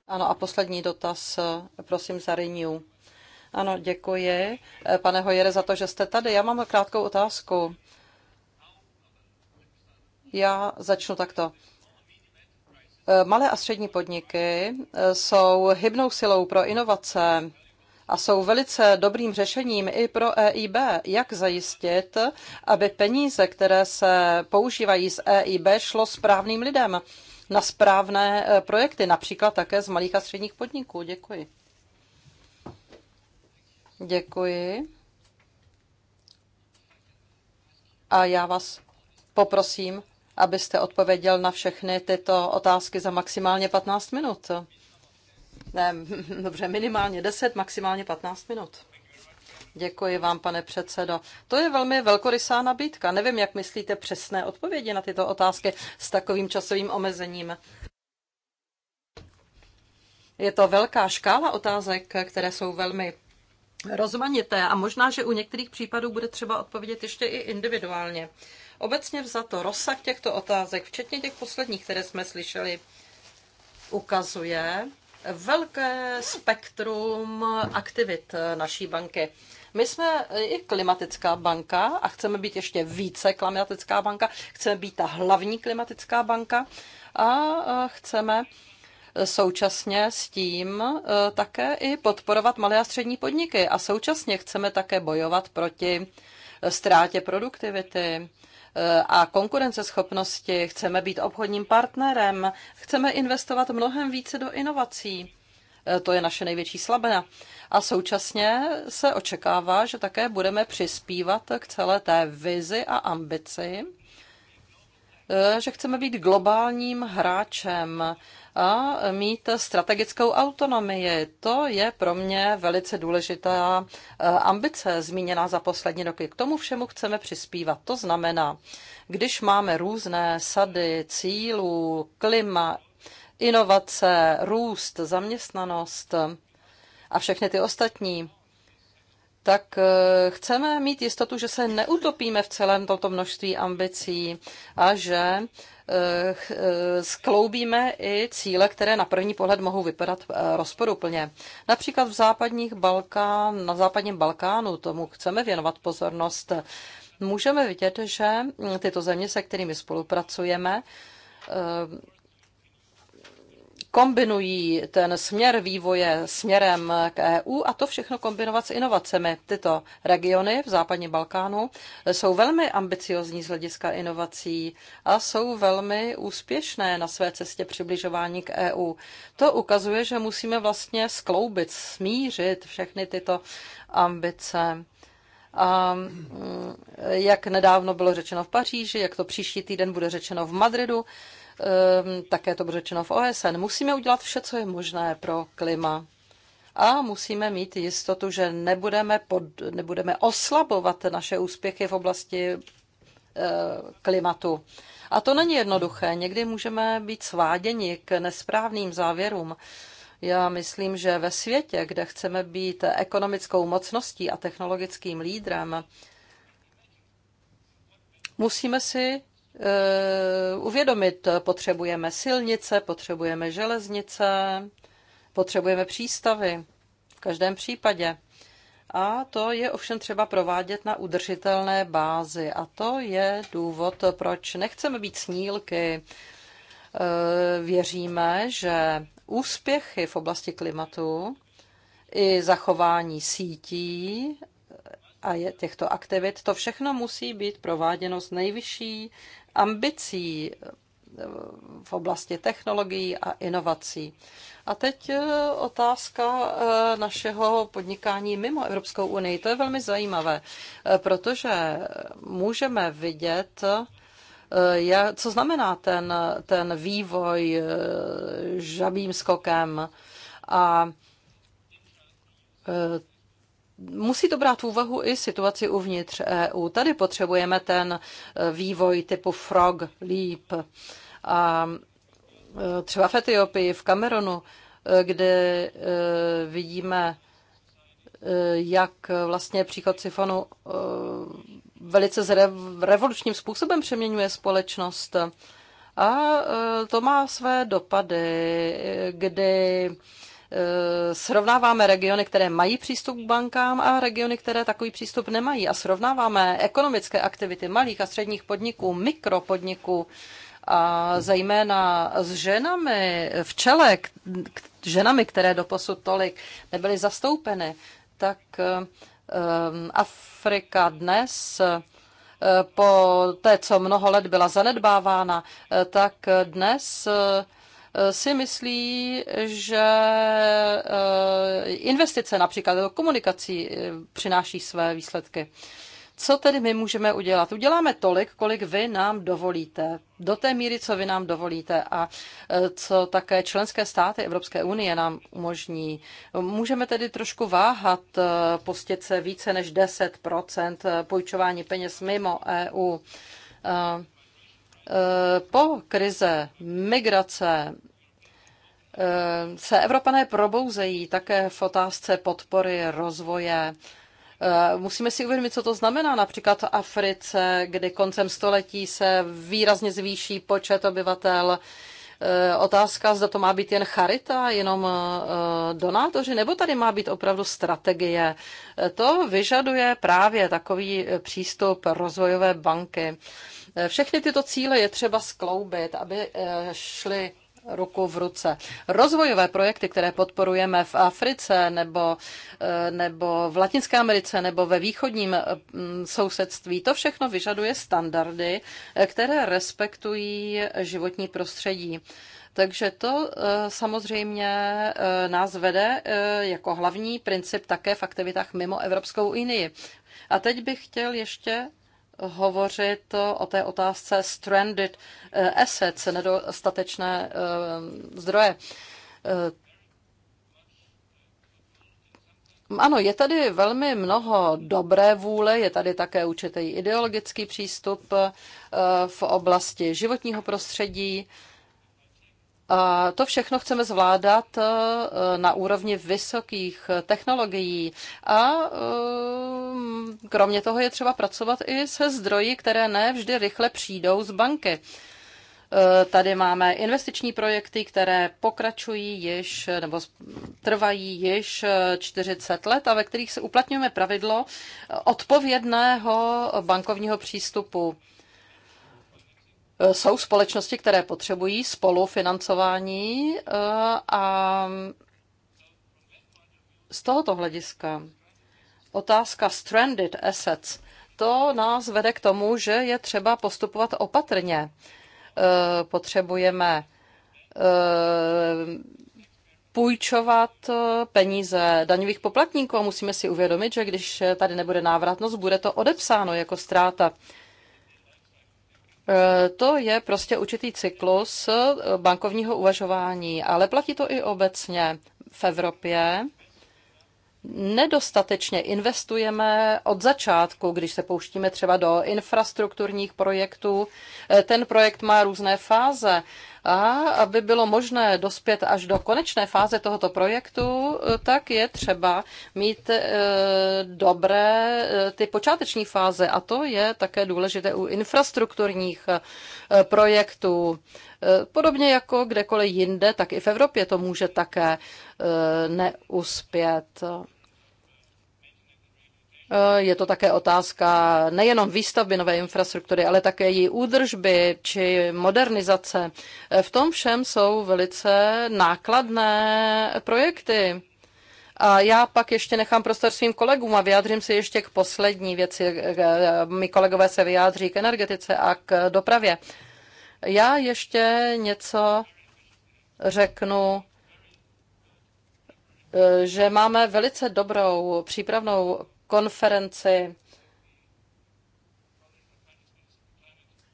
Ano a poslední dotaz, prosím, za Renew. Ano, děkuji, pane Hojere, za to, že jste tady. Já mám krátkou otázku. Já začnu takto. Eh, malé a střední podniky eh, jsou hybnou silou pro inovace a jsou velice dobrým řešením i pro EIB, jak zajistit, aby peníze, které se používají z EIB, šlo správným lidem na správné eh, projekty, například také z malých a středních podniků. Děkuji. Děkuji. A já vás poprosím abyste odpověděl na všechny tyto otázky za maximálně 15 minut. Ne, dobře, minimálně 10, maximálně 15 minut. Děkuji vám, pane předsedo. To je velmi velkorysá nabídka. Nevím, jak myslíte přesné odpovědi na tyto otázky s takovým časovým omezením. Je to velká škála otázek, které jsou velmi rozmanité a možná, že u některých případů bude třeba odpovědět ještě i individuálně. Obecně vzato rozsah těchto otázek, včetně těch posledních, které jsme slyšeli, ukazuje velké spektrum aktivit naší banky. My jsme i klimatická banka a chceme být ještě více klimatická banka, chceme být ta hlavní klimatická banka a chceme současně s tím e, také i podporovat malé a střední podniky a současně chceme také bojovat proti ztrátě produktivity Eh, a konkurenceschopnosti, chceme být obchodním partnerem, chceme investovat mnohem více do inovací. Eh, to je naše největší slabina. A současně se očekává, že také budeme přispívat k celé té vizi a ambici, eh, že chceme být globálním hráčem a mít strategickou autonomii. To je pro mě velice důležitá eh, ambice zmíněná za poslední roky. K tomu všemu chceme přispívat. To znamená, když máme různé sady cílů, klima, inovace, růst, zaměstnanost a všechny ty ostatní tak eh, chceme mít jistotu, že se neutopíme v celém toto množství ambicí a že eh, eh, skloubíme i cíle, které na první pohled mohou vypadat rozporuplně. Například v západních Balkán, na západním Balkánu tomu chceme věnovat pozornost. Můžeme vidět, že hm, tyto země, se kterými spolupracujeme, kombinují ten směr vývoje směrem k EU a to všechno kombinovat s inovacemi. Tyto regiony v západním Balkánu jsou velmi ambiciozní z hlediska inovací a jsou velmi úspěšné na své cestě přibližování k EU. To ukazuje, že musíme vlastně skloubit, smířit všechny tyto ambice. A mm, jak nedávno bylo řečeno v Paříži, jak to příští týden bude řečeno v Madridu, Ehm, také to bude řečeno v OSN. Musíme udělat vše, co je možné pro klima. A musíme mít jistotu, že nebudeme, pod, nebudeme oslabovat naše úspěchy v oblasti eh, klimatu. A to není jednoduché. Někdy můžeme být sváděni k nesprávným závěrům. Já myslím, že ve světě, kde chceme být ekonomickou mocností a technologickým lídrem, musíme si Eh, uvědomit. Potřebujeme silnice, potřebujeme železnice, potřebujeme přístavy v každém případě. A to je ovšem třeba provádět na udržitelné bázi. A to je důvod, proč nechceme být snílky. Eh, věříme, že úspěchy v oblasti klimatu i zachování sítí a těchto aktivit, to všechno musí být prováděno s nejvyšší ambicí eh, v oblasti technologií a inovací. A teď eh, otázka eh, našeho podnikání mimo Evropskou unii. To je velmi zajímavé, protože můžeme vidět, co znamená ten, ten vývoj žabým skokem a musí to brát v úvahu i situaci uvnitř EU. Tady potřebujeme ten e, vývoj typu frog leap. A e, třeba v Etiopii, v Kamerunu, e, kde vidíme, jak vlastně příchod Sifonu velice revolučním způsobem přeměňuje společnost. A to má své dopady, kdy Eh, srovnáváme regiony, které mají přístup k bankám a regiony, které takový přístup nemají. A srovnáváme ekonomické aktivity malých a středních podniků, mikropodniků, a zejména s ženami v čele, ženami, které doposud tolik nebyly zastoupeny, tak eh, Afrika dnes eh, po té, co mnoho let byla zanedbávána, tak dnes Eh, si myslí, že eh, investice například do komunikací eh, přináší své výsledky. Co tedy my můžeme udělat? Uděláme tolik, kolik vy nám dovolíte, do té míry, co vy nám dovolíte a co také členské státy Evropské unie nám umožní. Můžeme tedy trošku váhat postět se více než 10 půjčování peněz mimo EU. Eh, po krize migrace eh, se Evropané probouzejí také v otázce podpory rozvoje. Eh, musíme si uvědomit, co to znamená například v Africe, kdy koncem století se výrazně zvýší počet obyvatel. Otázka, zda to má být jen charita, jenom donátoři, nebo tady má být opravdu strategie. To vyžaduje právě takový přístup rozvojové banky. Všechny tyto cíle je třeba skloubit, aby eh, šly ruku v ruce. Rozvojové projekty, které podporujeme v Africe nebo, eh, nebo v Latinské Americe nebo ve východním mm, sousedství, to všechno vyžaduje standardy, eh, které respektují životní prostředí. Takže to samozřejmě nás vede jako hlavní princip také v aktivitách mimo Evropskou unii. A teď bych chtěl ještě hovořit o té otázce stranded eh, assets, nedostatečné eh, zdroje. Eh, ano, je tady velmi mnoho dobré vůle, je tady také určitý ideologický přístup v oblasti životního prostředí, a to všechno chceme zvládat e, na úrovni vysokých technologií a e, kromě toho je třeba pracovat i se zdroji, které ne vždy rychle přijdou z banky. E, tady máme investiční projekty, které pokračují již nebo trvají již 40 let a ve kterých se uplatňujeme pravidlo odpovědného bankovního přístupu. Eh, jsou společnosti, které potřebují spolufinancování eh, a z tohoto hlediska otázka stranded assets, to nás vede k tomu, že je třeba postupovat opatrně. Eh, potřebujeme půjčovat peníze daňových poplatníků a musíme si uvědomit, že když tady nebude návratnost, bude to odepsáno jako ztráta. Eh, to je prostě určitý cyklus eh, bankovního uvažování, ale platí to i obecně v Evropě. Nedostatečně investujeme od začátku, když se pouštíme třeba do infrastrukturních projektů. Eh, ten projekt má různé fáze a aby bylo možné dospět až do konečné fáze tohoto projektu, tak je třeba mít e, dobré e, ty počáteční fáze. A to je také důležité u infrastrukturních e, projektů. Podobně jako kdekoliv jinde, tak i v Evropě to může také neuspět. Eh, je to také otázka nejenom výstavby nové infrastruktury, ale také její údržby či modernizace. Eh, v tom všem jsou velice nákladné projekty. A já pak ještě nechám prostor svým kolegům a vyjádřím se ještě k poslední věci. Eh, My kolegové se vyjádří k energetice a k dopravě. Já ještě něco řeknu, že máme velice dobrou přípravnou konferenci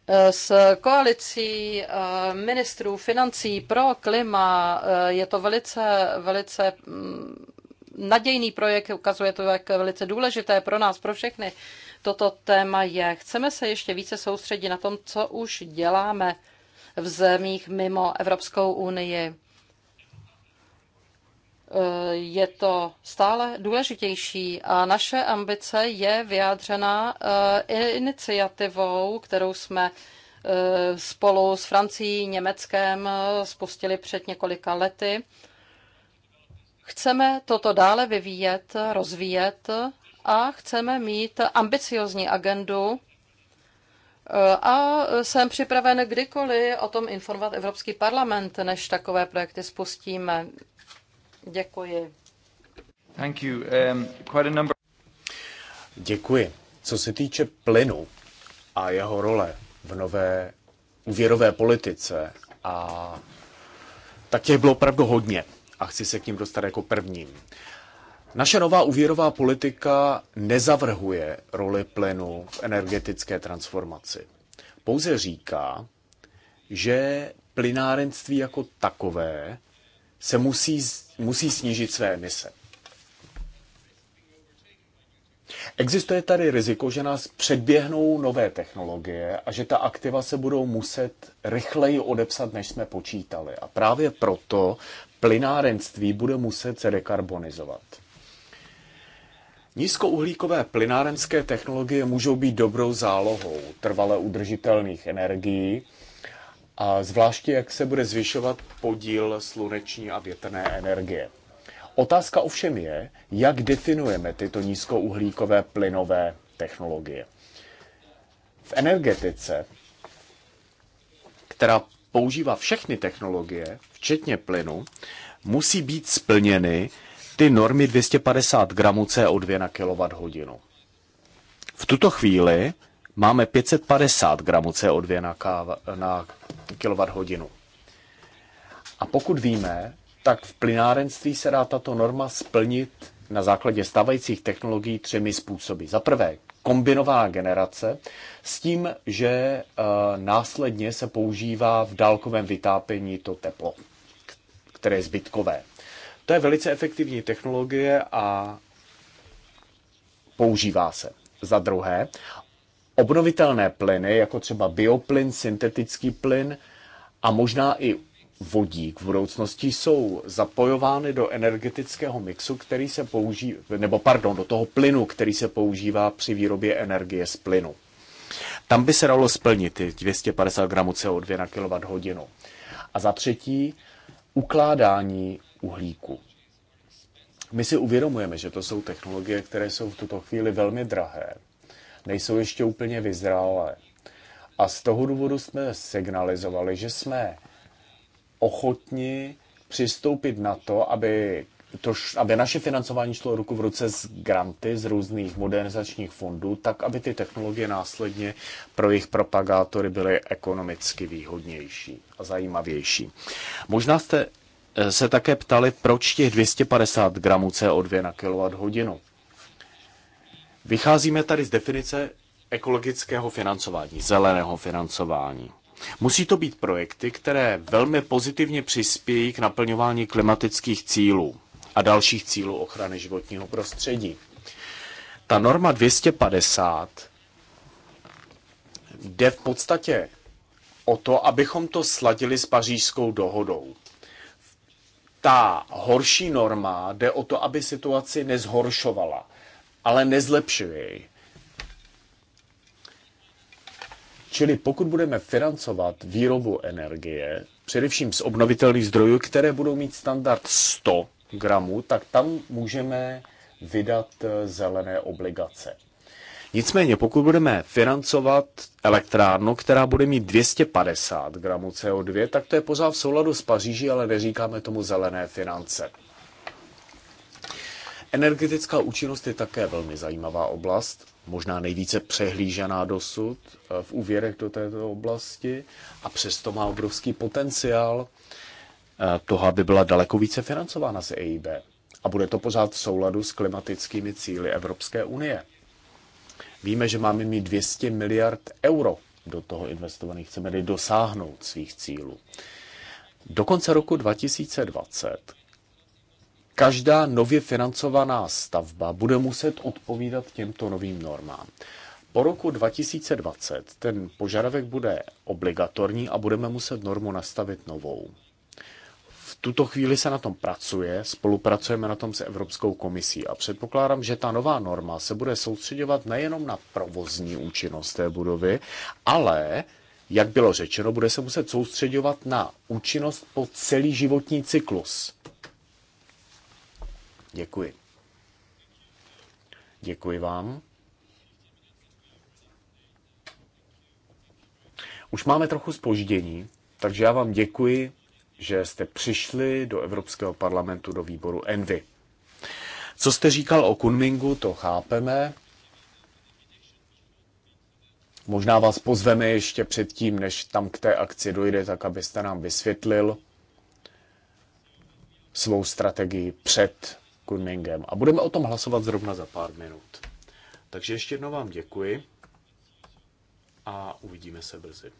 eh, S koalicí eh, ministrů financí pro klima eh, je to velice, velice mm, nadějný projekt, ukazuje to, jak velice důležité pro nás, pro všechny toto téma je. Chceme se ještě více soustředit na tom, co už děláme v zemích mimo Evropskou unii. Eh, je to stále důležitější a naše ambice je vyjádřena eh, iniciativou, kterou jsme eh, spolu s Francií, Německem spustili před několika lety. Chceme toto dále vyvíjet, rozvíjet a chceme mít ambiciozní agendu a jsem připraven kdykoliv o tom informovat Evropský parlament, než takové projekty spustíme. Děkuji. Thank you. Um, quite a number... Děkuji. Co se týče plynu a jeho role v nové úvěrové politice, a tak těch bylo opravdu hodně a chci se k ním dostat jako prvním. Naše nová úvěrová politika nezavrhuje roli plynu v energetické transformaci. Pouze říká, že plynárenství jako takové se musí, musí snížit své emise. Existuje tady riziko, že nás předběhnou nové technologie a že ta aktiva se budou muset rychleji odepsat, než jsme počítali. A právě proto plynárenství bude muset se dekarbonizovat. Nízkouhlíkové plynárenské technologie můžou být dobrou zálohou trvale udržitelných energií, a zvláště jak se bude zvyšovat podíl sluneční a větrné energie. Otázka ovšem je, jak definujeme tyto nízkouhlíkové plynové technologie. V energetice, která používá všechny technologie, včetně plynu, musí být splněny ty normy 250 gramů CO2 na kWh. V tuto chvíli máme 550 gramů CO2 na, káva, na kWh. A pokud víme, tak v plynárenství se dá tato norma splnit na základě stávajících technologií třemi způsoby. Za prvé, kombinovaná generace s tím, že eh, následně se používá v dálkovém vytápění to teplo, které je zbytkové. To je velice efektivní technologie a používá se. Za druhé, obnovitelné plyny, jako třeba bioplyn, syntetický plyn a možná i vodík v budoucnosti jsou zapojovány do energetického mixu, který se používá, nebo pardon, do toho plynu, který se používá při výrobě energie z plynu. Tam by se dalo splnit 250 gramů CO2 na kWh. A za třetí, ukládání uhlíku. My si uvědomujeme, že to jsou technologie, které jsou v tuto chvíli velmi drahé nejsou ještě úplně vyzrálé. A z toho důvodu jsme signalizovali, že jsme ochotni přistoupit na to, aby, to, aby naše financování šlo ruku v ruce z granty z různých modernizačních fondů, tak aby ty technologie následně pro jejich propagátory byly ekonomicky výhodnější a zajímavější. Možná jste eh, se také ptali, proč těch 250 gramů CO2 na kWh. Vycházíme tady z definice ekologického financování, zeleného financování. Musí to být projekty, které velmi pozitivně přispějí k naplňování klimatických cílů a dalších cílů ochrany životního prostředí. Ta norma 250 jde v podstatě o to, abychom to sladili s pařížskou dohodou. Ta horší norma jde o to, aby situaci nezhoršovala ale nezlepšuje jej. Čili pokud budeme financovat výrobu energie, především z obnovitelných zdrojů, které budou mít standard 100 gramů, tak tam můžeme vydat eh, zelené obligace. Nicméně, pokud budeme financovat elektrárnu, která bude mít 250 gramů CO2, tak to je pořád v souladu s Paříží, ale neříkáme tomu zelené finance. Energetická účinnost je také velmi zajímavá oblast, možná nejvíce přehlížená dosud eh, v úvěrech do této oblasti a přesto má obrovský potenciál eh, toho, aby byla daleko více financována z EIB. A bude to pořád v souladu s klimatickými cíly Evropské unie. Víme, že máme mít 200 miliard euro do toho investovaných, chceme-li dosáhnout svých cílů. Do konce roku 2020 každá nově financovaná stavba bude muset odpovídat těmto novým normám. Po roku 2020 ten požadavek bude obligatorní a budeme muset normu nastavit novou. V tuto chvíli se na tom pracuje, spolupracujeme na tom s Evropskou komisí a předpokládám, že ta nová norma se bude soustředovat nejenom na provozní účinnost té budovy, ale jak bylo řečeno, bude se muset soustředovat na účinnost po celý životní cyklus Děkuji. Děkuji vám. Už máme trochu spoždění, takže já vám děkuji, že jste přišli do Evropského parlamentu do výboru Envy. Co jste říkal o Kunmingu, to chápeme. Možná vás pozveme ještě předtím, než tam k té akci dojde, tak abyste nám vysvětlil svou strategii před Kunningem. A budeme o tom hlasovat zrovna za pár minut. Takže ještě jednou vám děkuji a uvidíme se brzy.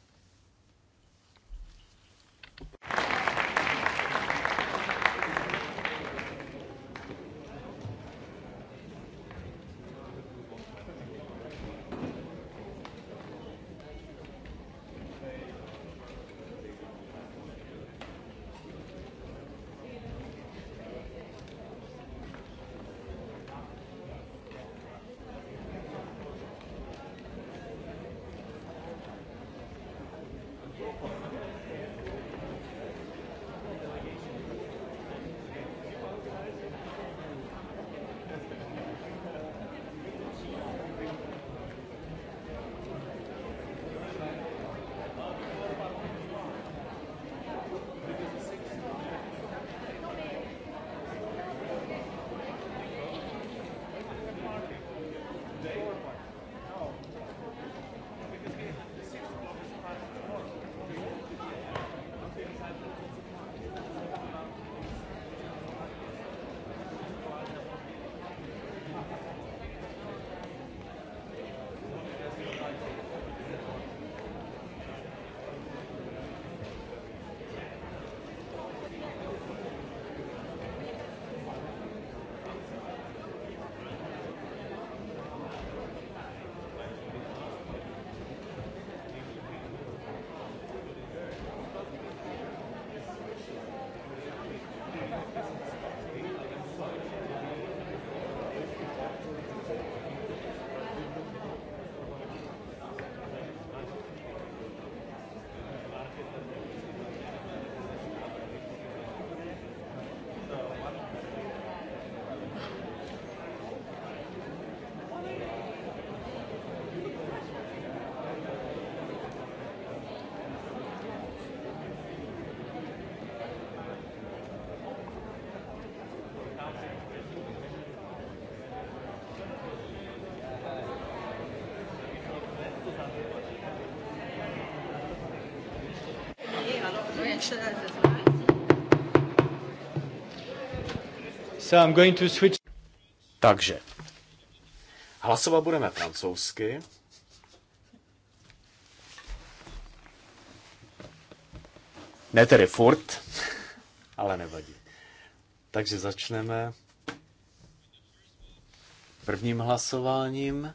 So I'm going to switch. Takže. Hlasovat budeme francouzsky. Ne tedy furt, ale nevadí. Takže začneme prvním hlasováním.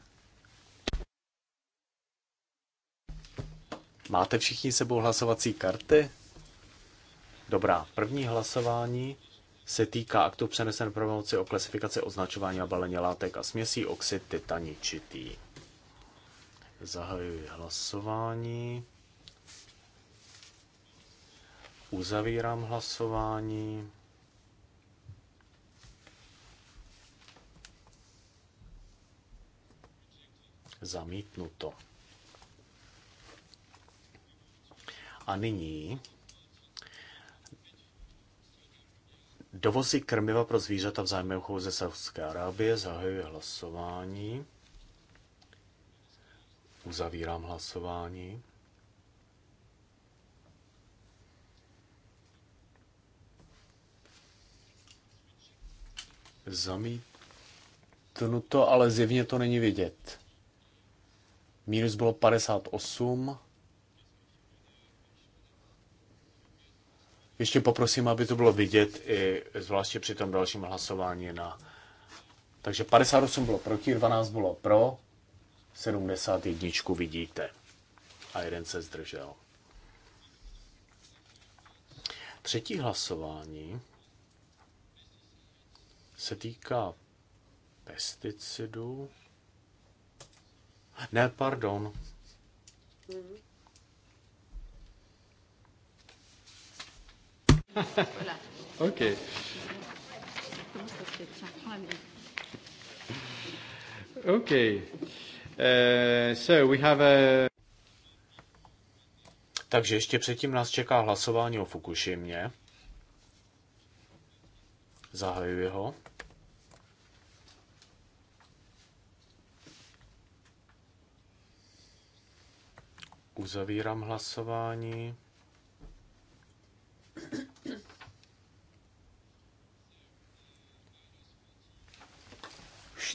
Máte všichni sebou hlasovací karty? Dobrá, první hlasování se týká aktu přenesené pravomoci o klasifikaci označování a balení látek a směsí oxid titaničitý. Zahajuji hlasování. Uzavírám hlasování. Zamítnuto. A nyní Dovozy krmiva pro zvířata v zájmu chovu ze Saudské Arábie zahajuje hlasování. Uzavírám hlasování. Zamítnuto, ale zjevně to není vidět. Mínus bylo 58. Ještě poprosím, aby to bylo vidět, i zvláště při tom dalším hlasování na... Takže 58 bylo proti, 12 bylo pro, 71 vidíte a jeden se zdržel. Třetí hlasování se týká pesticidů. Ne, pardon. Mm-hmm. OK. OK. Uh, so we have a... Takže ještě předtím nás čeká hlasování o Fukushimě. Zahajuji ho. Uzavírám hlasování.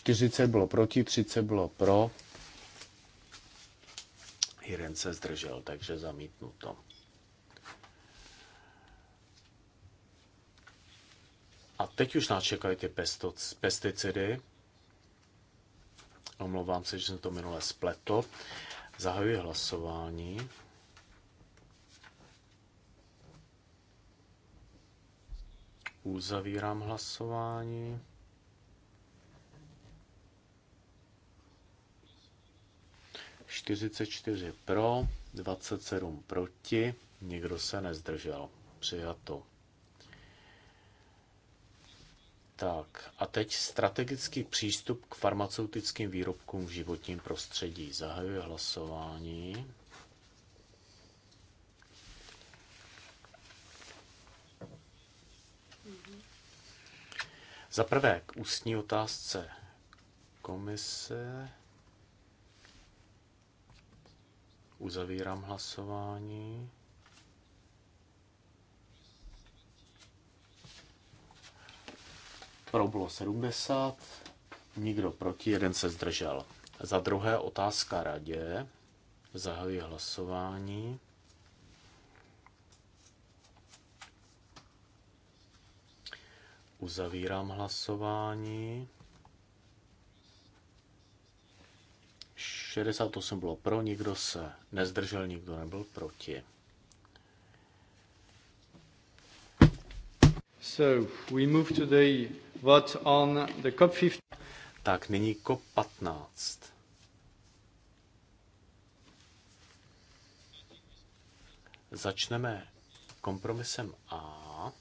40 bylo proti, 30 bylo pro. Jeden se zdržel, takže zamítnuto. A teď už nás čekají ty pesticidy. Omlouvám se, že jsem to minule spletl. Zahajuji hlasování. Uzavírám hlasování. 44 pro, 27 proti, nikdo se nezdržel. Přijato. Tak a teď strategický přístup k farmaceutickým výrobkům v životním prostředí. Zahajuji hlasování. Za prvé k ústní otázce komise. Uzavírám hlasování. Pro bylo 70, nikdo proti, jeden se zdržel. Za druhé otázka radě. Zahajuji hlasování. Uzavírám hlasování. 68 bylo pro, nikdo se nezdržel, nikdo nebyl proti. So, we move today what on the COP15. Tak, nyní COP15. Začneme kompromisem A.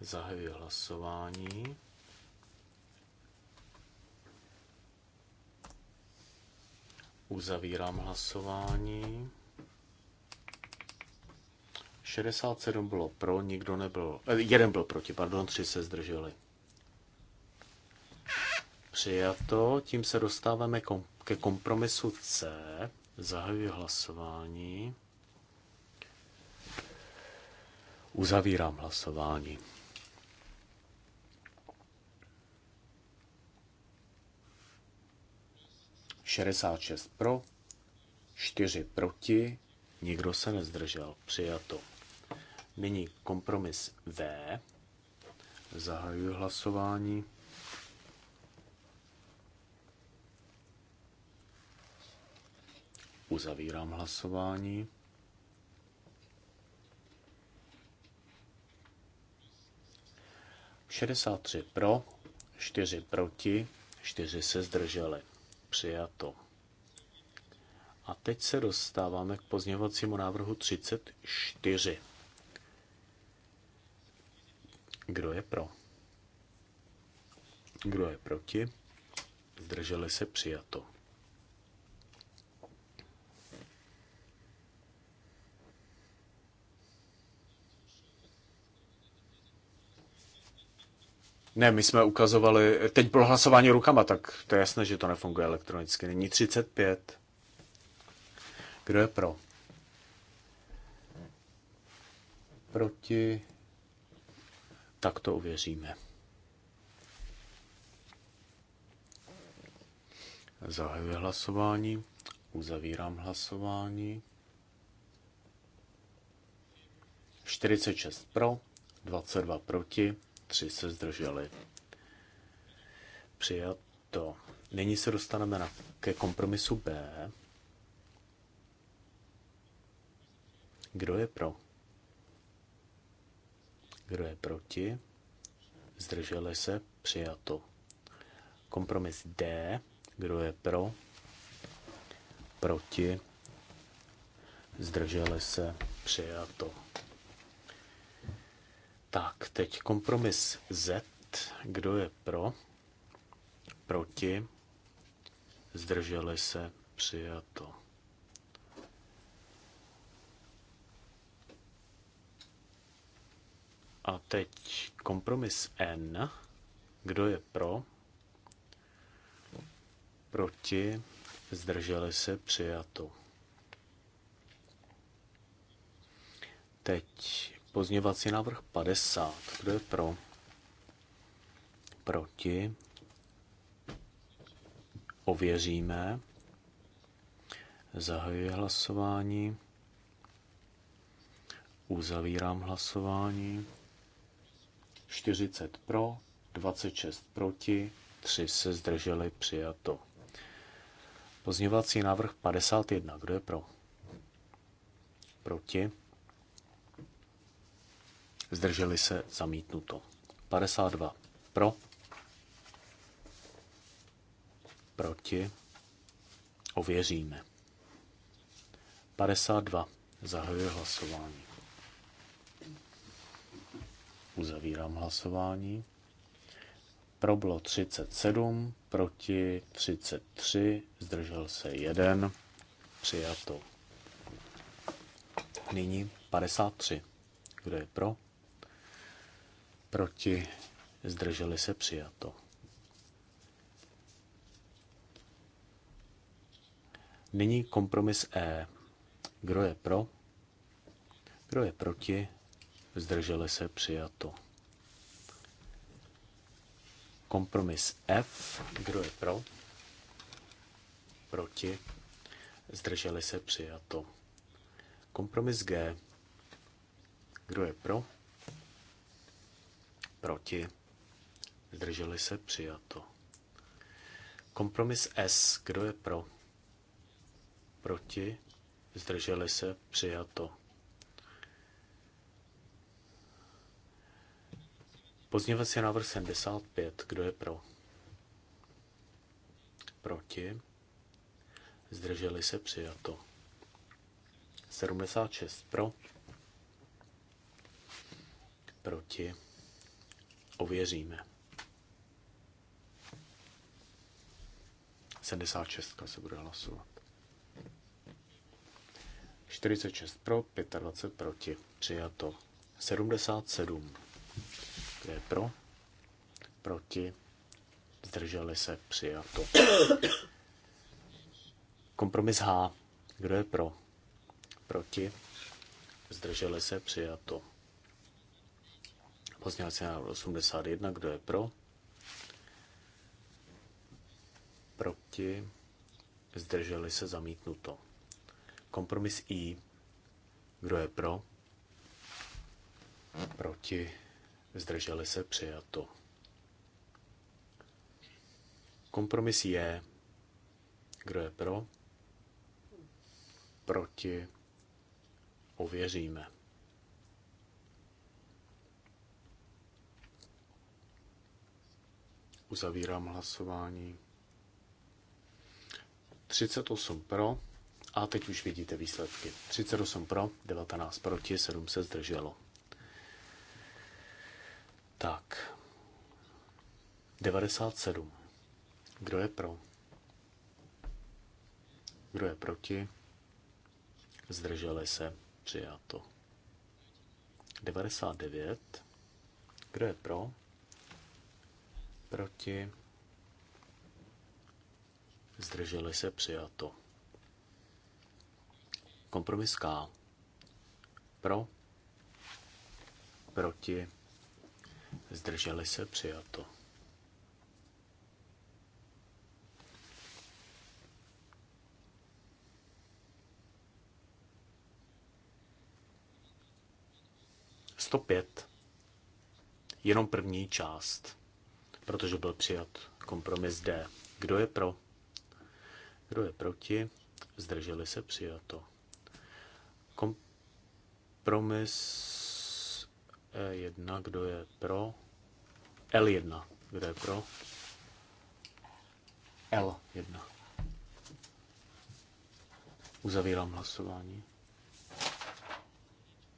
Zahajuji hlasování. Uzavírám hlasování. 67 bylo pro, nikdo nebyl, eh, jeden byl proti, pardon, tři se zdrželi. Přijato, tím se dostáváme kom, ke kompromisu C. Zahajuji hlasování. Uzavírám hlasování. 66 pro, 4 proti, nikdo se nezdržel, přijato. Nyní kompromis V, zahajuji hlasování. Uzavírám hlasování. Šedesát tři pro, čtyři proti, čtyři se zdrželi. Přijato. A teď se dostáváme k pozněvacímu návrhu 34. Kdo je pro? Kdo je proti? Zdrželi se přijato. Ne, my jsme ukazovali, teď bylo hlasování rukama, tak to je jasné, že to nefunguje elektronicky. Není 35. Kdo je pro? Proti? Tak to uvěříme. Zahajuji hlasování, uzavírám hlasování. 46 pro, 22 proti. Tři se zdrželi. Přijato. Nyní se dostaneme na, ke kompromisu B. Kdo je pro? Kdo je proti? Zdrželi se? Přijato. Kompromis D. Kdo je pro? Proti? Zdrželi se? Přijato. Tak, teď kompromis Z. Kdo je pro? Proti? Zdrželi se? Přijato. A teď kompromis N. Kdo je pro? Proti? Zdrželi se? Přijato. Teď Pozměvací návrh 50. Kdo je pro? Proti? Ověříme. Zahajuji hlasování. Uzavírám hlasování. 40 pro, 26 proti, 3 se zdrželi, přijato. Pozněvací návrh 51. Kdo je pro? Proti? zdrželi se zamítnuto. 52 pro, proti, ověříme. 52 zahajuje hlasování. Uzavírám hlasování. Pro bylo 37, proti 33, zdržel se 1, přijato. Nyní 53. Kdo je pro? proti, zdrželi se přijato. Nyní kompromis E. Kdo je pro? Kdo je proti? Zdrželi se přijato. Kompromis F. Kdo je pro? Proti? Zdrželi se přijato. Kompromis G. Kdo je pro? proti, zdrželi se, přijato. Kompromis S, kdo je pro, proti, zdrželi se, přijato. Pozněvací návrh 75, kdo je pro? Proti, zdrželi se, přijato. 76 pro, proti, Ověříme. 76 se bude hlasovat. 46 pro, 25 proti. Přijato. 77. Kde je pro? Proti. Zdrželi se. Přijato. Kompromis H. Kdo je pro? Proti. Zdrželi se. Přijato. Pozdělací návrh 81, kdo je pro? Proti? Zdrželi se zamítnuto. Kompromis I. Kdo je pro? Proti? Zdrželi se přijato. Kompromis J, Kdo je pro? Proti? Ověříme. Uzavírám hlasování. 38 pro. A teď už vidíte výsledky. 38 pro, 19 proti, 7 se zdrželo. Tak. 97. Kdo je pro? Kdo je proti? Zdrželi se. Přijato. 99. Kdo je pro? proti, zdrželi se přijato. Kompromis K. Pro, proti, zdrželi se přijato. Sto pět. Jenom první část protože byl přijat kompromis D. Kdo je pro? Kdo je proti? Zdrželi se přijato. Kompromis E1, kdo je pro? L1, kdo je pro? L1. Uzavírám hlasování.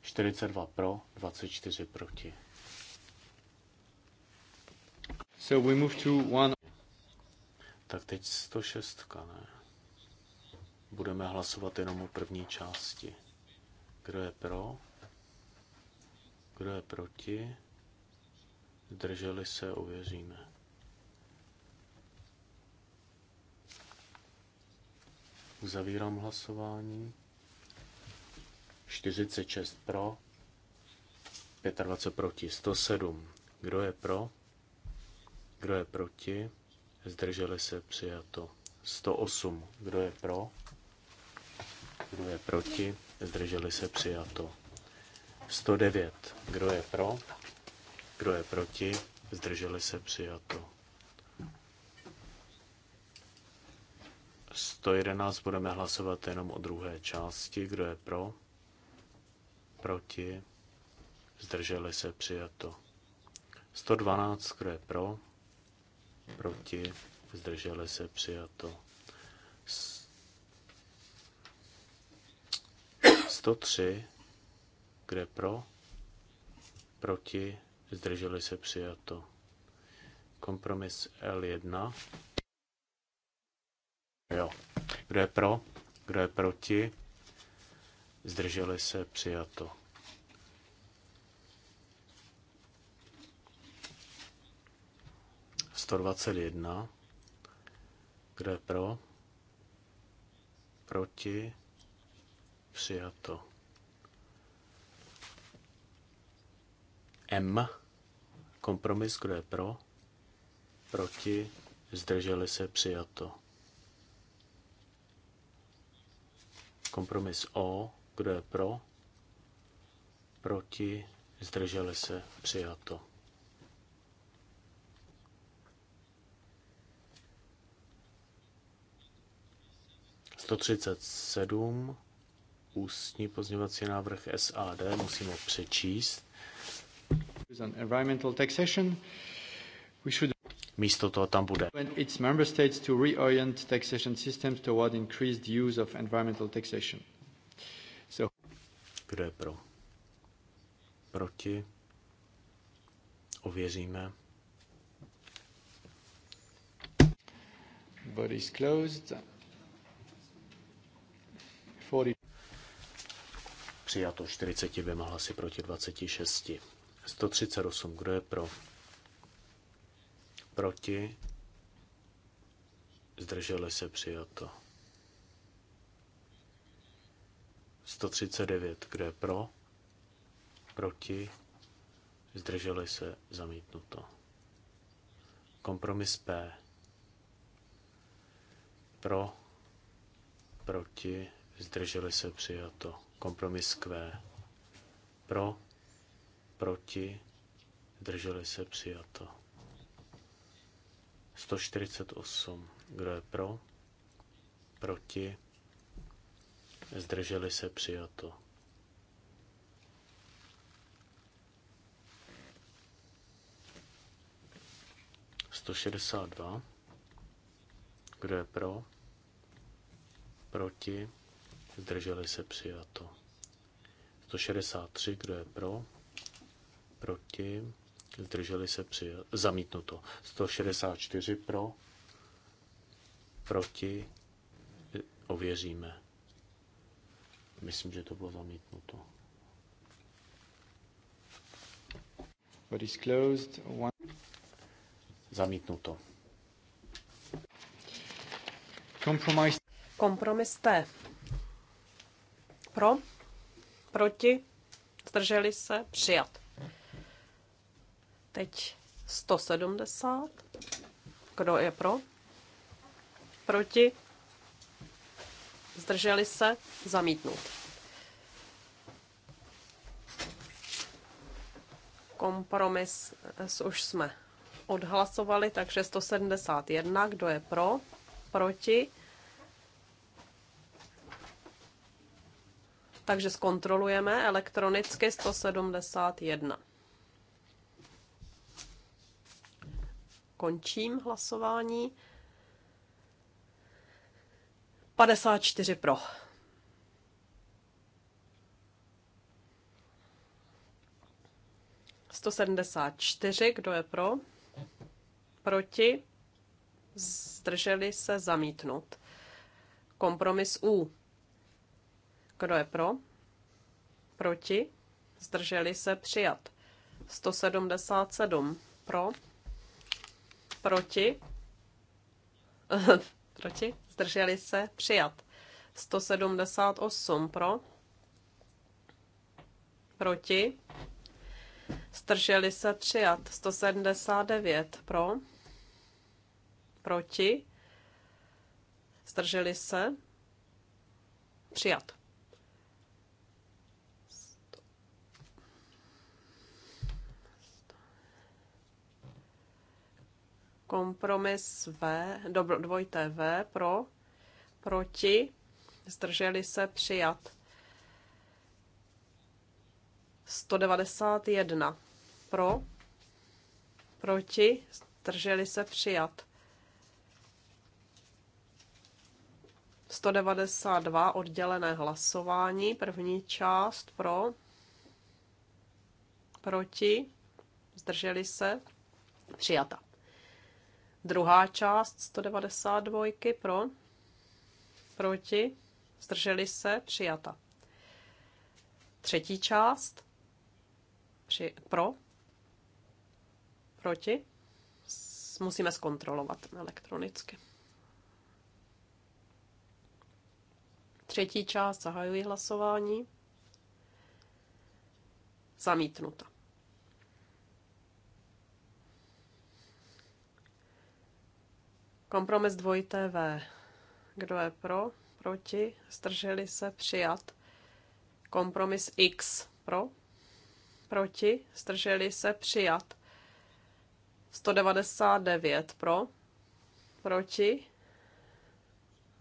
42 pro, 24 proti. So we move to one... Tak teď 106, ne? Budeme hlasovat jenom o první části. Kdo je pro? Kdo je proti? Zdrželi se, ověříme. Uzavírám hlasování. 46 pro, 25 proti, 107. Kdo je pro? Kdo je proti? Zdrželi se přijato. 108. Kdo je pro? Kdo je proti? Zdrželi se přijato. 109. Kdo je pro? Kdo je proti? Zdrželi se přijato. 111 budeme hlasovat jenom o druhé části. Kdo je pro? Proti? Zdrželi se přijato. 112, kdo je pro? proti, zdrželi se přijato. 103, kde pro, proti, zdrželi se přijato. Kompromis L1. Jo. Kdo je pro, kdo je proti, zdrželi se přijato. 121. Kdo je pro? Proti? Přijato. M. Kompromis, kdo je pro? Proti? Zdrželi se? Přijato. Kompromis O. Kdo je pro? Proti? Zdrželi se? Přijato. 137, ústní pozměňovací návrh SAD, musím ho přečíst. Environmental taxation. We should Místo toho tam bude. When Its member states to reorient taxation systems toward increased use of environmental taxation. So. Kdo je pro? Proti? Ověříme. Body is closed. Přijato 42 hlasy proti 26. 138. Kdo je pro? Proti? Zdrželi se přijato. 139. Kdo je pro? Proti? Zdrželi se zamítnuto. Kompromis P. Pro? Proti? zdrželi se přijato. Kompromis Q pro, proti, zdrželi se přijato. 148. Kdo je pro? Proti? Zdrželi se přijato. Sto šedesát dva. Kdo je pro? Proti? zdrželi se přijato. 163, kdo je pro, proti, zdrželi se přijato, zamítnuto. 164 pro, proti, e, ověříme. Myslím, že to bylo zamítnuto. But is closed. One... Zamítnuto. Kompromis. Kompromis pro? Proti? Zdrželi se? Přijat. Teď 170. Kdo je pro? Proti? Zdrželi se? Zamítnout. Kompromis už jsme odhlasovali, takže 171. Kdo je pro? Proti? Takže zkontrolujeme elektronicky 171. Končím hlasování. 54 pro. To 74, kdo je pro? Proti? Zdrželi se zamítnout. Kompromis U. Kdo je pro? Proti? Zdrželi se přijat. 177 pro. Proti? proti? Zdrželi se přijat. 178 pro. Proti? Zdrželi se přijat. 179 pro. Proti? Zdrželi se? Přijat. Kompromis V, dvojité V pro, proti, zdrželi se přijat. 191 pro, proti, zdrželi se přijat. 192 oddělené hlasování, první část pro, proti, zdrželi se, přijata. Druhá část 192 pro, proti, zdrželi se, přijata. Třetí část při, pro, proti, musíme zkontrolovat elektronicky. Třetí část zahajuji hlasování. Zamítnuta. Kompromis dvojité V. Kdo je pro? Proti? Zdrželi se? Přijat. Kompromis X. Pro? Proti? Zdrželi se? Přijat. 199 pro, proti,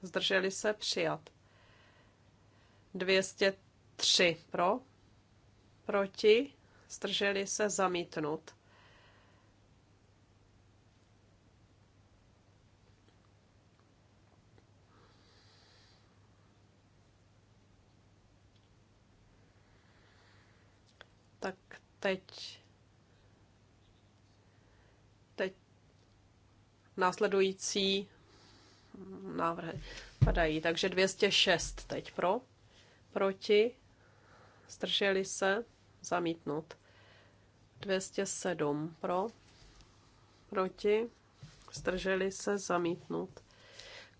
zdrželi se přijat. 203 pro, proti, zdrželi se zamítnut. teď teď následující návrhy padají. Takže 206 teď pro, proti, strželi se, zamítnut. 207 pro, proti, strželi se, zamítnut.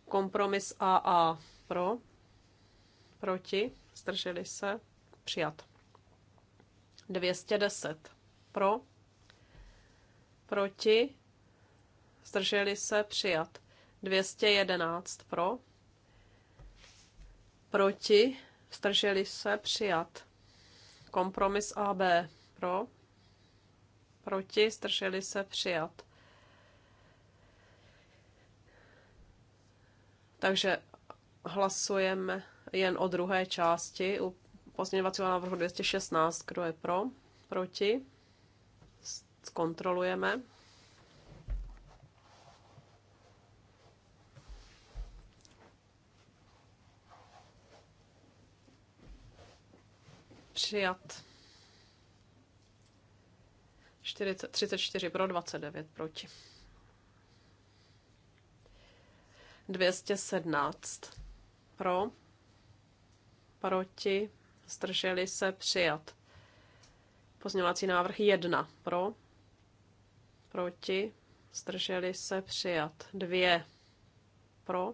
Kompromis AA pro, proti, strželi se, přijat. 210 pro, proti, zdrželi se přijat. 211 pro, proti, zdrželi se přijat. Kompromis AB pro, proti, zdrželi se přijat. Takže hlasujeme jen o druhé části u pozměňovacího návrhu 216. Kdo je pro? Proti? Zkontrolujeme. Přijat. 40, 34 pro, 29 proti. 217 pro, proti zdrželi se přijat. Pozměňovací návrh 1 pro, proti, zdrželi se přijat. 2 pro,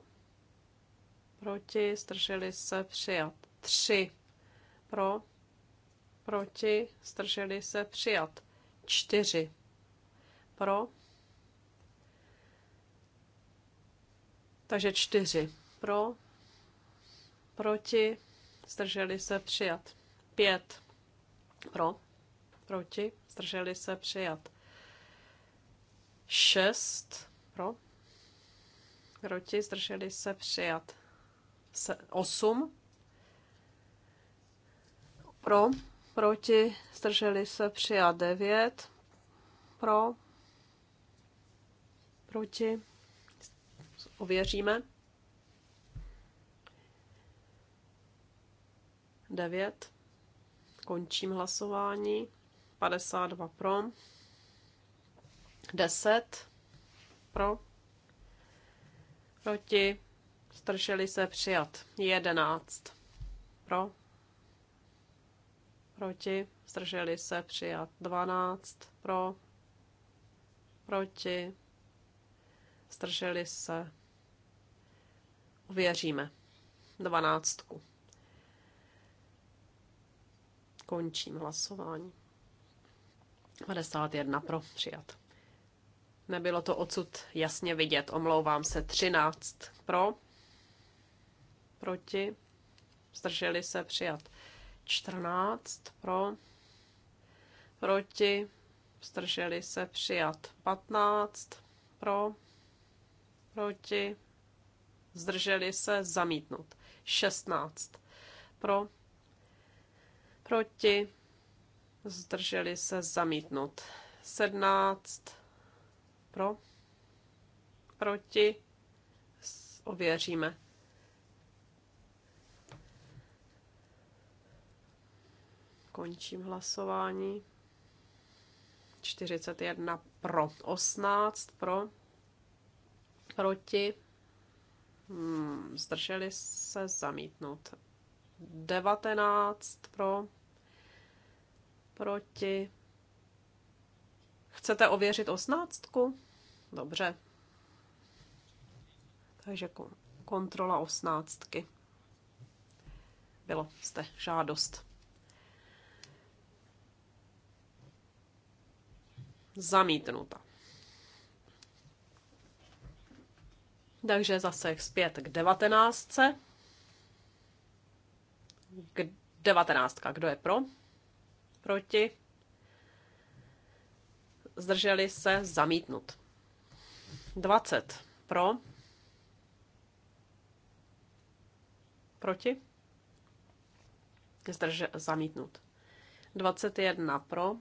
proti, zdrželi se přijat. 3 pro, proti, zdrželi se přijat. 4 pro, takže 4 pro, proti, zdrželi se přijat. 5 pro, proti, zdrželi se přijat. 6 pro, proti, zdrželi se přijat. 8 pro, proti, zdrželi se přijat. 9 pro, proti, ověříme. 9. Končím hlasování. 52 pro. 10 pro. Proti. Stršeli se přijat. 11 pro. Proti. Zdrželi se přijat 12 pro. Proti. Zdrželi se. Uvěříme. 12. Končím hlasování. 51 pro přijat. Nebylo to odsud jasně vidět, omlouvám se. 13 pro, proti, zdrželi se přijat. 14 pro, proti, zdrželi se přijat. 15 pro, proti, zdrželi se zamítnout. 16 pro, proti, zdrželi se zamítnout. 17 pro, proti, ověříme. Končím hlasování. 41 pro, 18 pro, proti, hmm, zdrželi se zamítnout. 19 pro, proti. Chcete ověřit osnáctku? Dobře. Takže kontrola osnáctky. Bylo jste žádost. Zamítnuta. Takže zase zpět k devatenáctce. K devatenáctka, kdo je pro? proti, zdrželi se zamítnut. 20 pro, proti, zdrže, zamítnut. 21 pro,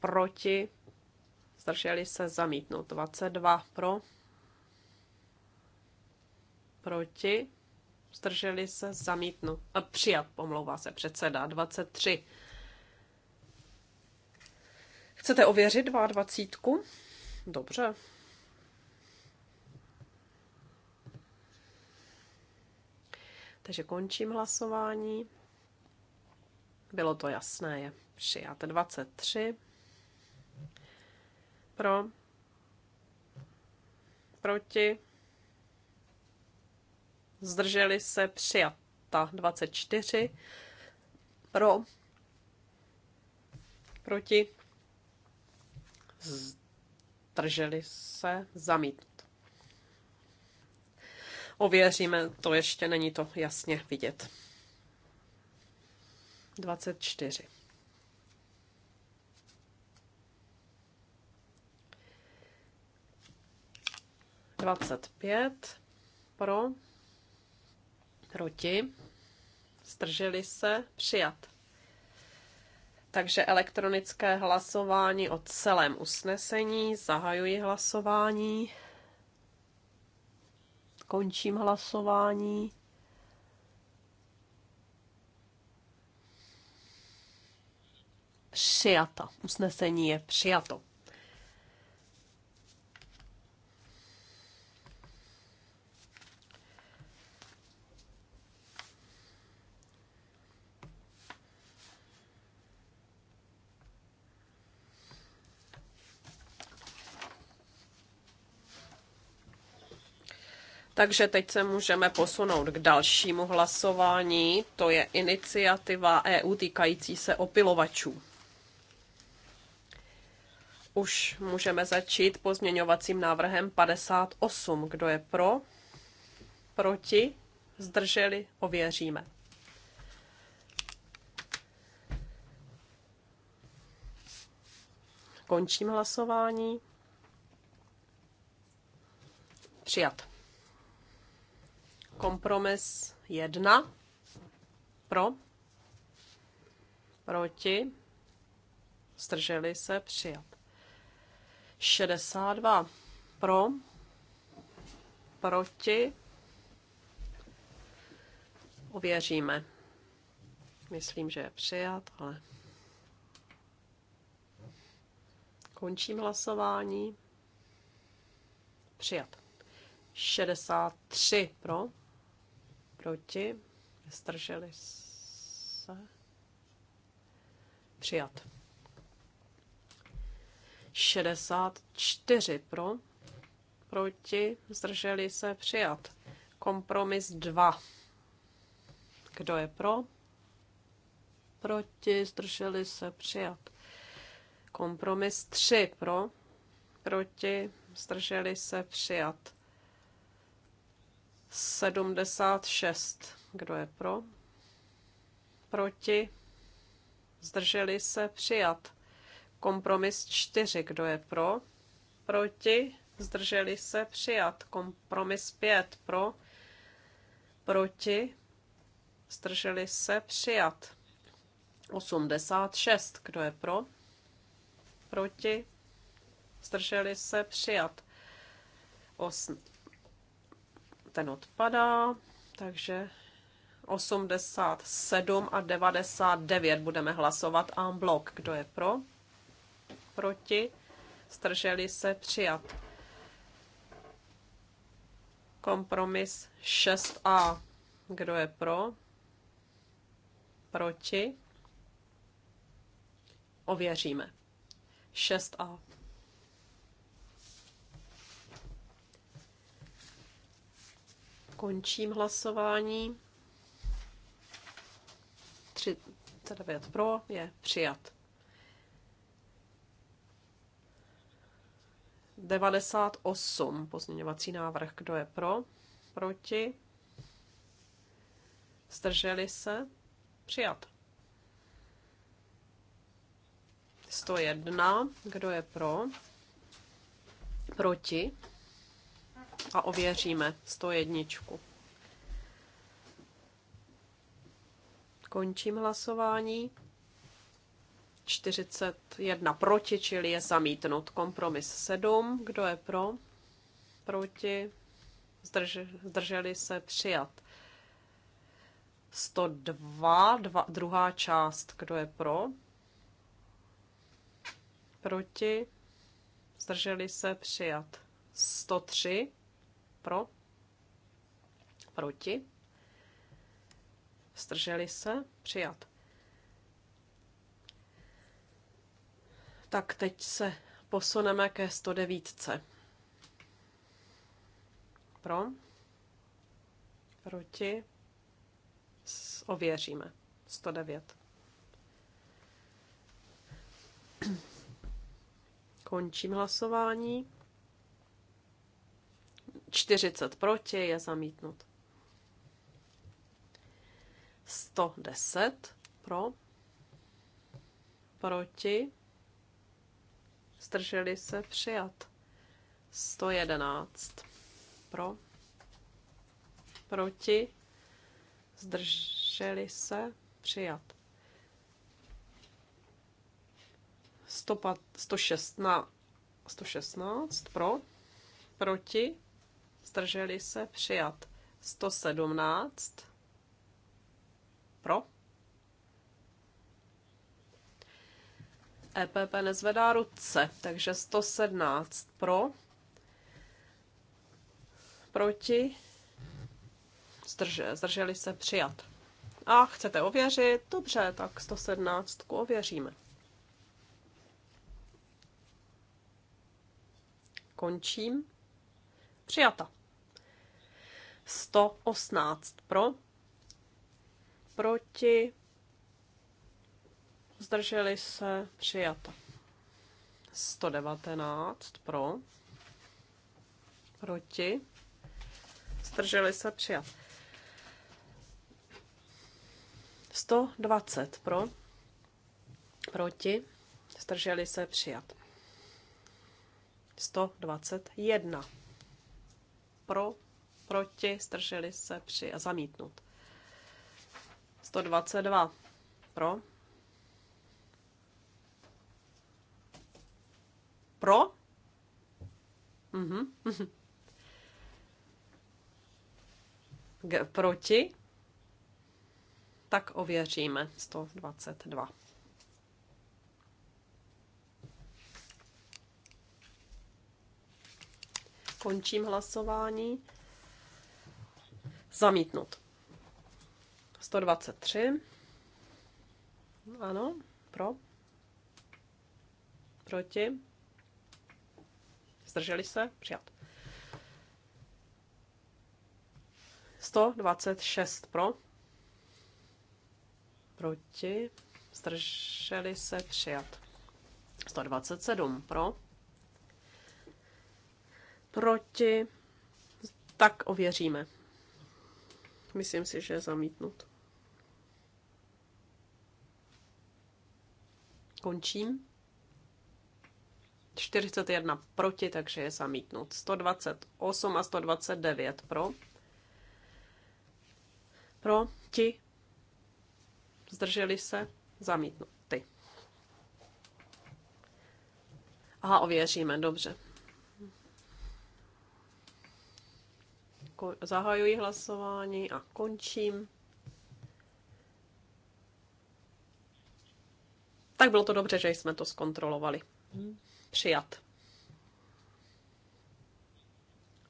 proti, zdrželi se zamítnout. 22 pro, proti, zdrželi se, zamítnu. A přijat, pomlouvá se předseda, 23. Chcete ověřit 22? Dobře. Takže končím hlasování. Bylo to jasné, je přijat 23. Pro. Proti zdrželi se přijata 24 pro, proti, zdrželi se zamítnout. Ověříme, to ještě není to jasně vidět. 24. Dvacet pět pro Proti? Zdrželi se? Přijat. Takže elektronické hlasování o celém usnesení. Zahajuji hlasování. Končím hlasování. Přijata. Usnesení je přijato. Takže teď se můžeme posunout k dalšímu hlasování. To je iniciativa EU týkající se opilovačů. Už můžeme začít pozměňovacím návrhem 58. Kdo je pro? Proti? Zdrželi? Ověříme. Končím hlasování. Přijat. Kompromis 1 pro, proti, zdrželi se, přijat. 62 pro, proti, ověříme. Myslím, že je přijat, ale končím hlasování. Přijat. 63 pro, proti, zdrželi se, přijat. 64 pro, proti, zdrželi se, přijat. Kompromis 2. Kdo je pro? Proti, zdrželi se, přijat. Kompromis 3 pro, proti, zdrželi se, přijat. 76. Kdo je pro? Proti? Zdrželi se přijat. Kompromis 4. Kdo je pro? Proti? Zdrželi se přijat. Kompromis 5. Pro? Proti? Zdrželi se přijat. 86. Kdo je pro? Proti? Zdrželi se přijat ten odpadá, takže 87 a 99 budeme hlasovat en blok. Kdo je pro? Proti? Strželi se přijat. Kompromis 6a. Kdo je pro? Proti? Ověříme. 6a. Končím hlasování. 39 pro je přijat. 98 pozměňovací návrh. Kdo je pro? Proti? Zdrželi se? Přijat. 101. Kdo je pro? Proti? a ověříme 101. Končím hlasování. 41 proti, čili je zamítnut. Kompromis 7. Kdo je pro? Proti? Zdrž, zdrželi se přijat. 102, dva, druhá část. Kdo je pro? Proti? Zdrželi se přijat. 103 pro, proti, zdrželi se, přijat. Tak teď se posuneme ke 109. Pro, proti, ověříme. 109. Končím hlasování. 40 proti je zamítnut. 110 pro, proti, zdrželi se přijat. 111 pro, proti, zdrželi se přijat. 116, 116 pro, proti, zdrželi se, přijat. 117 pro. EPP nezvedá ruce, takže 117 pro, proti, zdrže, zdrželi se přijat. A chcete ověřit? Dobře, tak 117 ověříme. Končím. Přijata. 118 pro, proti, zdrželi se, přijato. 119 pro, proti, zdrželi se, přijat. 120 pro, proti, zdrželi se, přijat. 121 pro, proti, strželi se při a zamítnut. 122 pro. Pro? Mhm. proti? Tak ověříme 122. Končím hlasování. Zamítnut. 123. Ano, pro. Proti. Zdrželi se? Přijat. 126 pro. Proti. Zdrželi se? Přijat. 127 pro. Proti. Tak ověříme. Myslím si, že je zamítnut. Končím. 41 proti, takže je zamítnut. 128 a 129 pro. Pro, ti, zdrželi se, zamítnut. Ty. Aha, ověříme, dobře. zahajuji hlasování a končím. Tak bylo to dobře, že jsme to zkontrolovali. Přijat.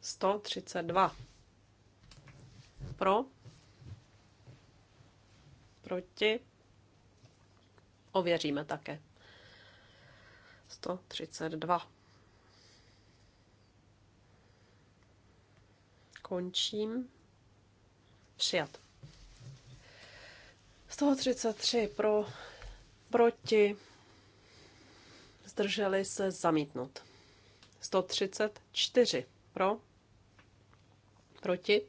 132. Pro. Proti. Ověříme také. 132. Končím. Přijat. 133 pro, proti, zdrželi se zamítnout. 134 pro, proti,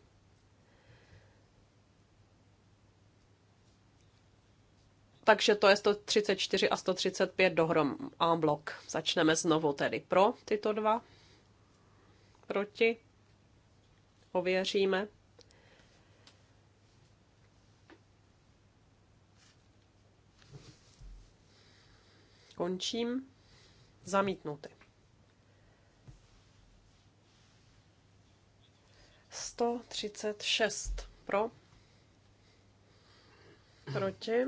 Takže to je 134 a 135 dohrom en blok. Začneme znovu tedy pro tyto dva. Proti ověříme. Končím. Zamítnuty. 136 pro. Proti.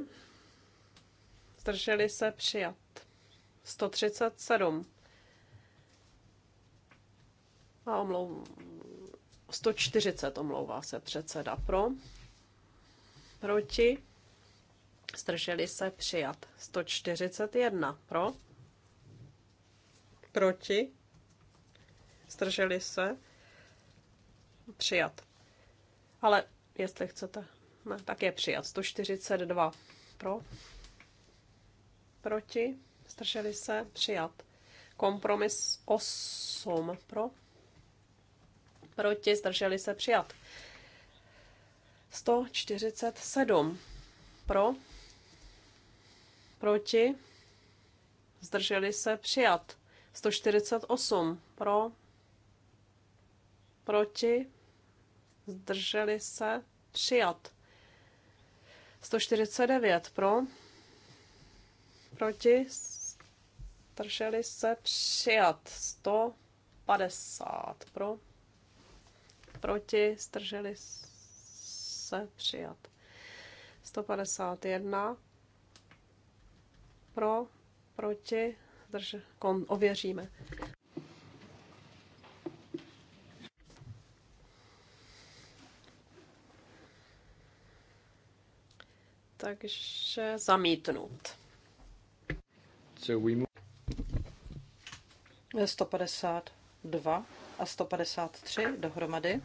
Zdrželi se přijat. 137. A omlouvám. 140, omlouvá se předseda pro. Proti. Zdrželi se přijat. 141 pro. Proti. Zdrželi se přijat. Ale jestli chcete, ne, tak je přijat. 142 pro. Proti. Zdrželi se přijat. Kompromis 8 pro proti, zdrželi se přijat. 147 pro, proti, zdrželi se přijat. 148 pro, proti, zdrželi se přijat. 149 pro, proti, zdrželi se přijat. 150 pro, proti, strželi se přijat. 151 pro, proti, drž, kon, ověříme. Takže zamítnout. So we move. 152 a 153 dohromady.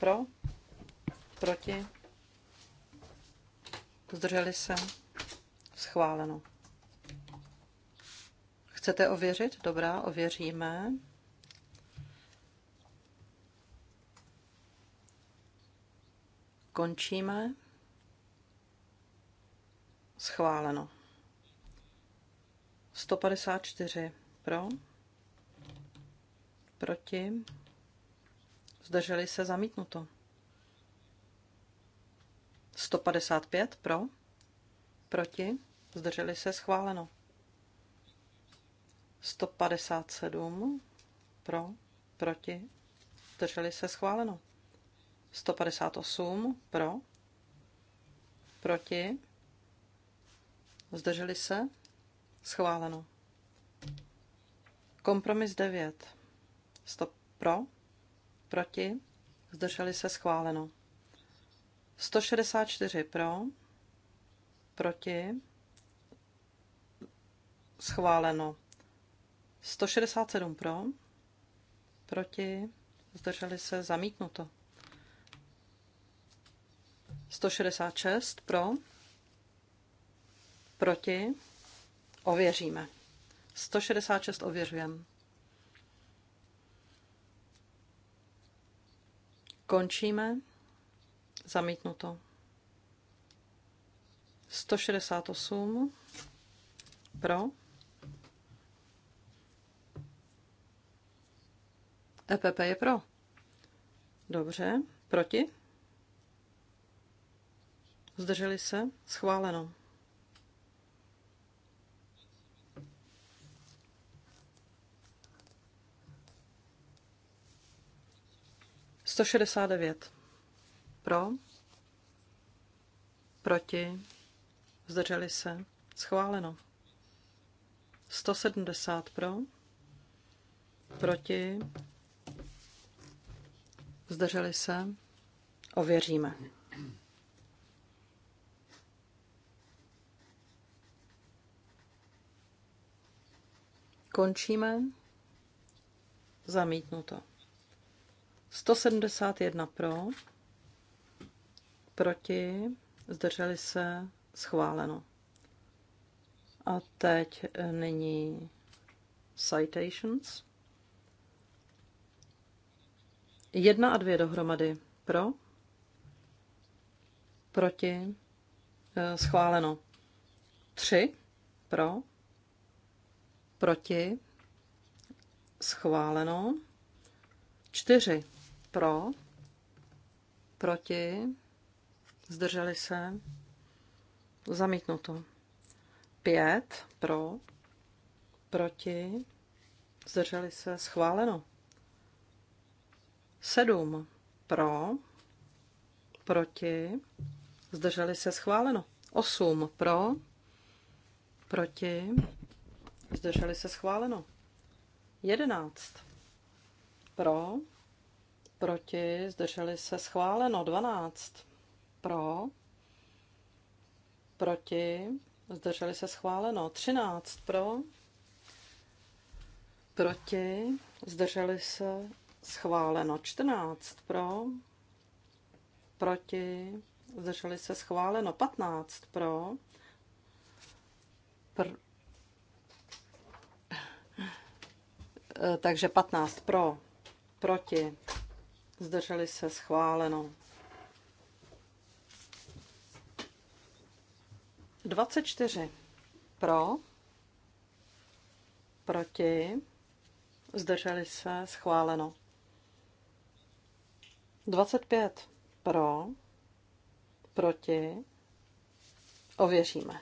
Pro, proti, zdrželi se, schváleno. Chcete ověřit? Dobrá, ověříme. Končíme. Schváleno. 154 pro. Proti? Zdrželi se zamítnuto. 155 pro? Proti? Zdrželi se schváleno. 157 pro? Proti? Zdrželi se schváleno. 158 pro? Proti? Zdrželi se? Schváleno. Kompromis 9. 100 pro, proti, zdrželi se schváleno. 164 pro, proti, schváleno. 167 pro, proti, zdrželi se zamítnuto. 166 pro, proti, ověříme. 166 ověřujeme. Končíme. Zamítnuto. 168 pro. EPP je pro. Dobře. Proti? Zdrželi se? Schváleno. 169. Pro? Proti? Zdrželi se? Schváleno. 170 pro? Proti? Zdrželi se? Ověříme. Končíme. Zamítnuto. 171 pro, proti, zdrželi se, schváleno. A teď nyní citations. Jedna a dvě dohromady pro, proti, eh, schváleno. Tři pro, proti, schváleno. Čtyři pro. Proti. Zdrželi se. Zamítnuto. Pět. Pro. Proti. Zdrželi se. Schváleno. Sedm. Pro. Proti. Zdrželi se. Schváleno. Osm. Pro. Proti. Zdrželi se. Schváleno. Jedenáct. Pro proti, zdrželi se schváleno 12 pro, proti, zdrželi se schváleno 13 pro, proti, zdrželi se schváleno 14 pro, proti, zdrželi se schváleno 15 pro, pr- eh, takže 15 pro, proti, zdrželi se schváleno. 24 pro, proti, zdrželi se schváleno. 25 pro, proti, ověříme.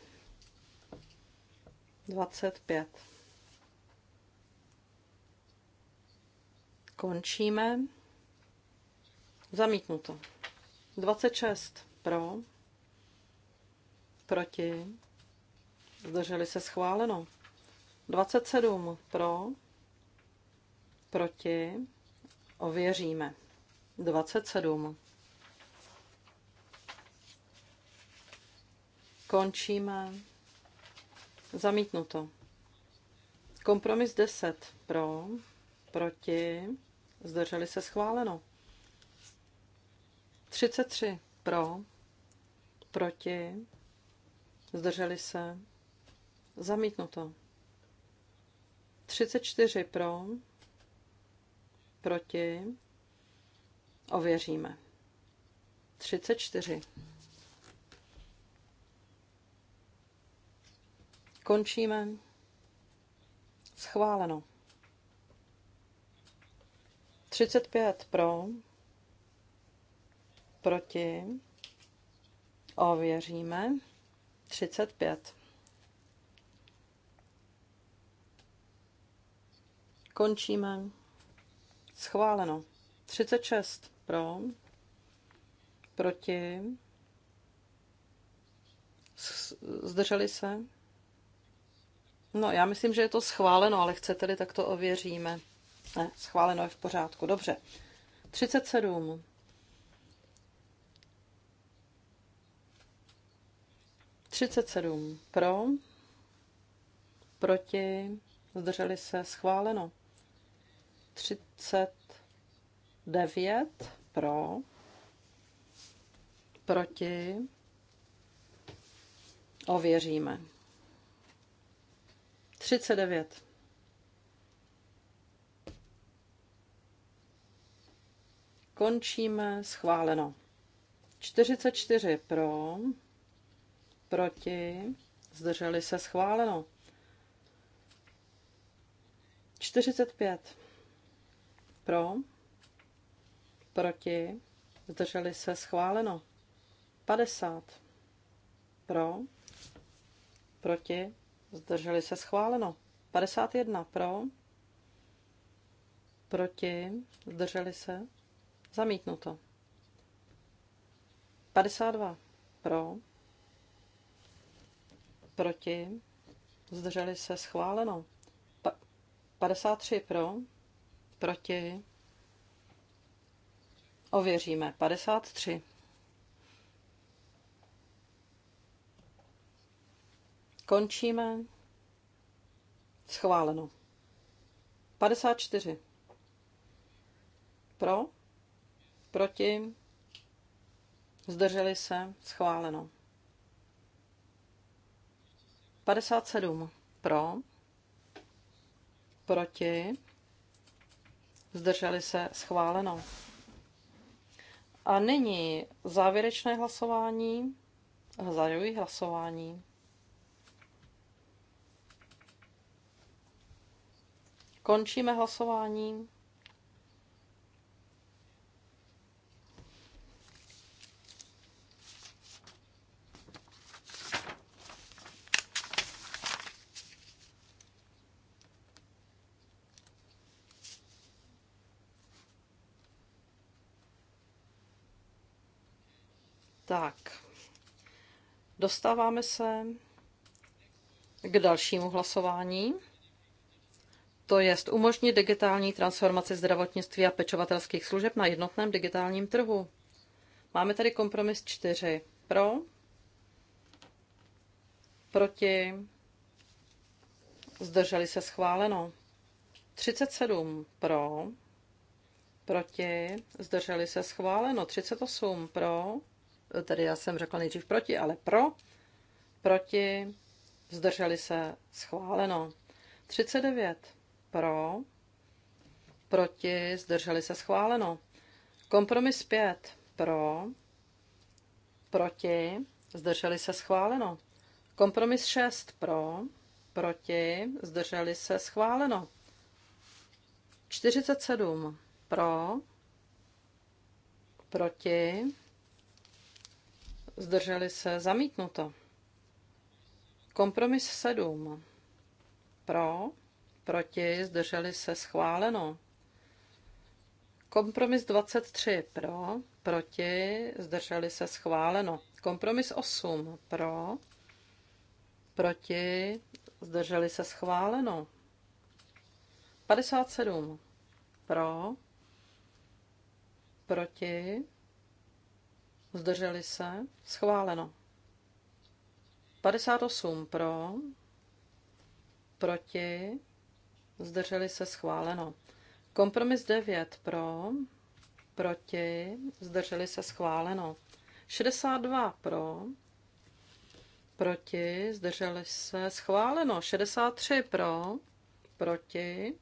25. Končíme. Zamítnuto. 26 pro, proti, zdrželi se schváleno. 27 pro, proti, ověříme. 27. Končíme. Zamítnuto. Kompromis 10 pro, proti, zdrželi se schváleno. 33 pro, proti, zdrželi se, zamítnuto. 34 pro, proti, ověříme. 34. Končíme. Schváleno. 35 pro, proti, ověříme, 35. Končíme. Schváleno. 36 pro, proti, zdrželi se. No, já myslím, že je to schváleno, ale chcete-li, tak to ověříme. Ne, schváleno je v pořádku. Dobře. 37 37 pro, proti, zdrželi se, schváleno. 39 pro, proti, ověříme. 39. Končíme schváleno. 44 pro, proti, zdrželi se schváleno. 45 pro, proti, zdrželi se schváleno. 50 pro, proti, zdrželi se schváleno. 51 pro, proti, zdrželi se, zamítnuto. 52 pro, proti, zdrželi se schváleno. Pa- 53 pro, proti, ověříme, 53. Končíme. Schváleno. 54. Pro, proti, zdrželi se, schváleno. 57 pro, proti, zdrželi se schváleno. A nyní závěrečné hlasování. Zahajuji hlasování. Končíme hlasování. Tak, dostáváme se k dalšímu hlasování. To je umožnit digitální transformaci zdravotnictví a pečovatelských služeb na jednotném digitálním trhu. Máme tady kompromis 4. Pro, proti, zdrželi se schváleno. 37 pro, proti, zdrželi se schváleno. 38 pro, tedy já jsem řekla nejdřív proti, ale pro, proti, zdrželi se, schváleno. 39 pro, proti, zdrželi se, schváleno. Kompromis 5 pro, proti, zdrželi se, schváleno. Kompromis 6 pro, proti, zdrželi se, schváleno. 47 pro, proti, zdrželi se, zamítnuto. Kompromis 7. Pro, proti, zdrželi se, schváleno. Kompromis 23. Pro, proti, zdrželi se, schváleno. Kompromis 8. Pro, proti, zdrželi se, schváleno. 57. Pro, proti, Zdrželi se? Schváleno. 58 pro, proti, zdrželi se schváleno. Kompromis 9 pro, proti, zdrželi se schváleno. 62 pro, proti, zdrželi se schváleno. 63 pro, proti,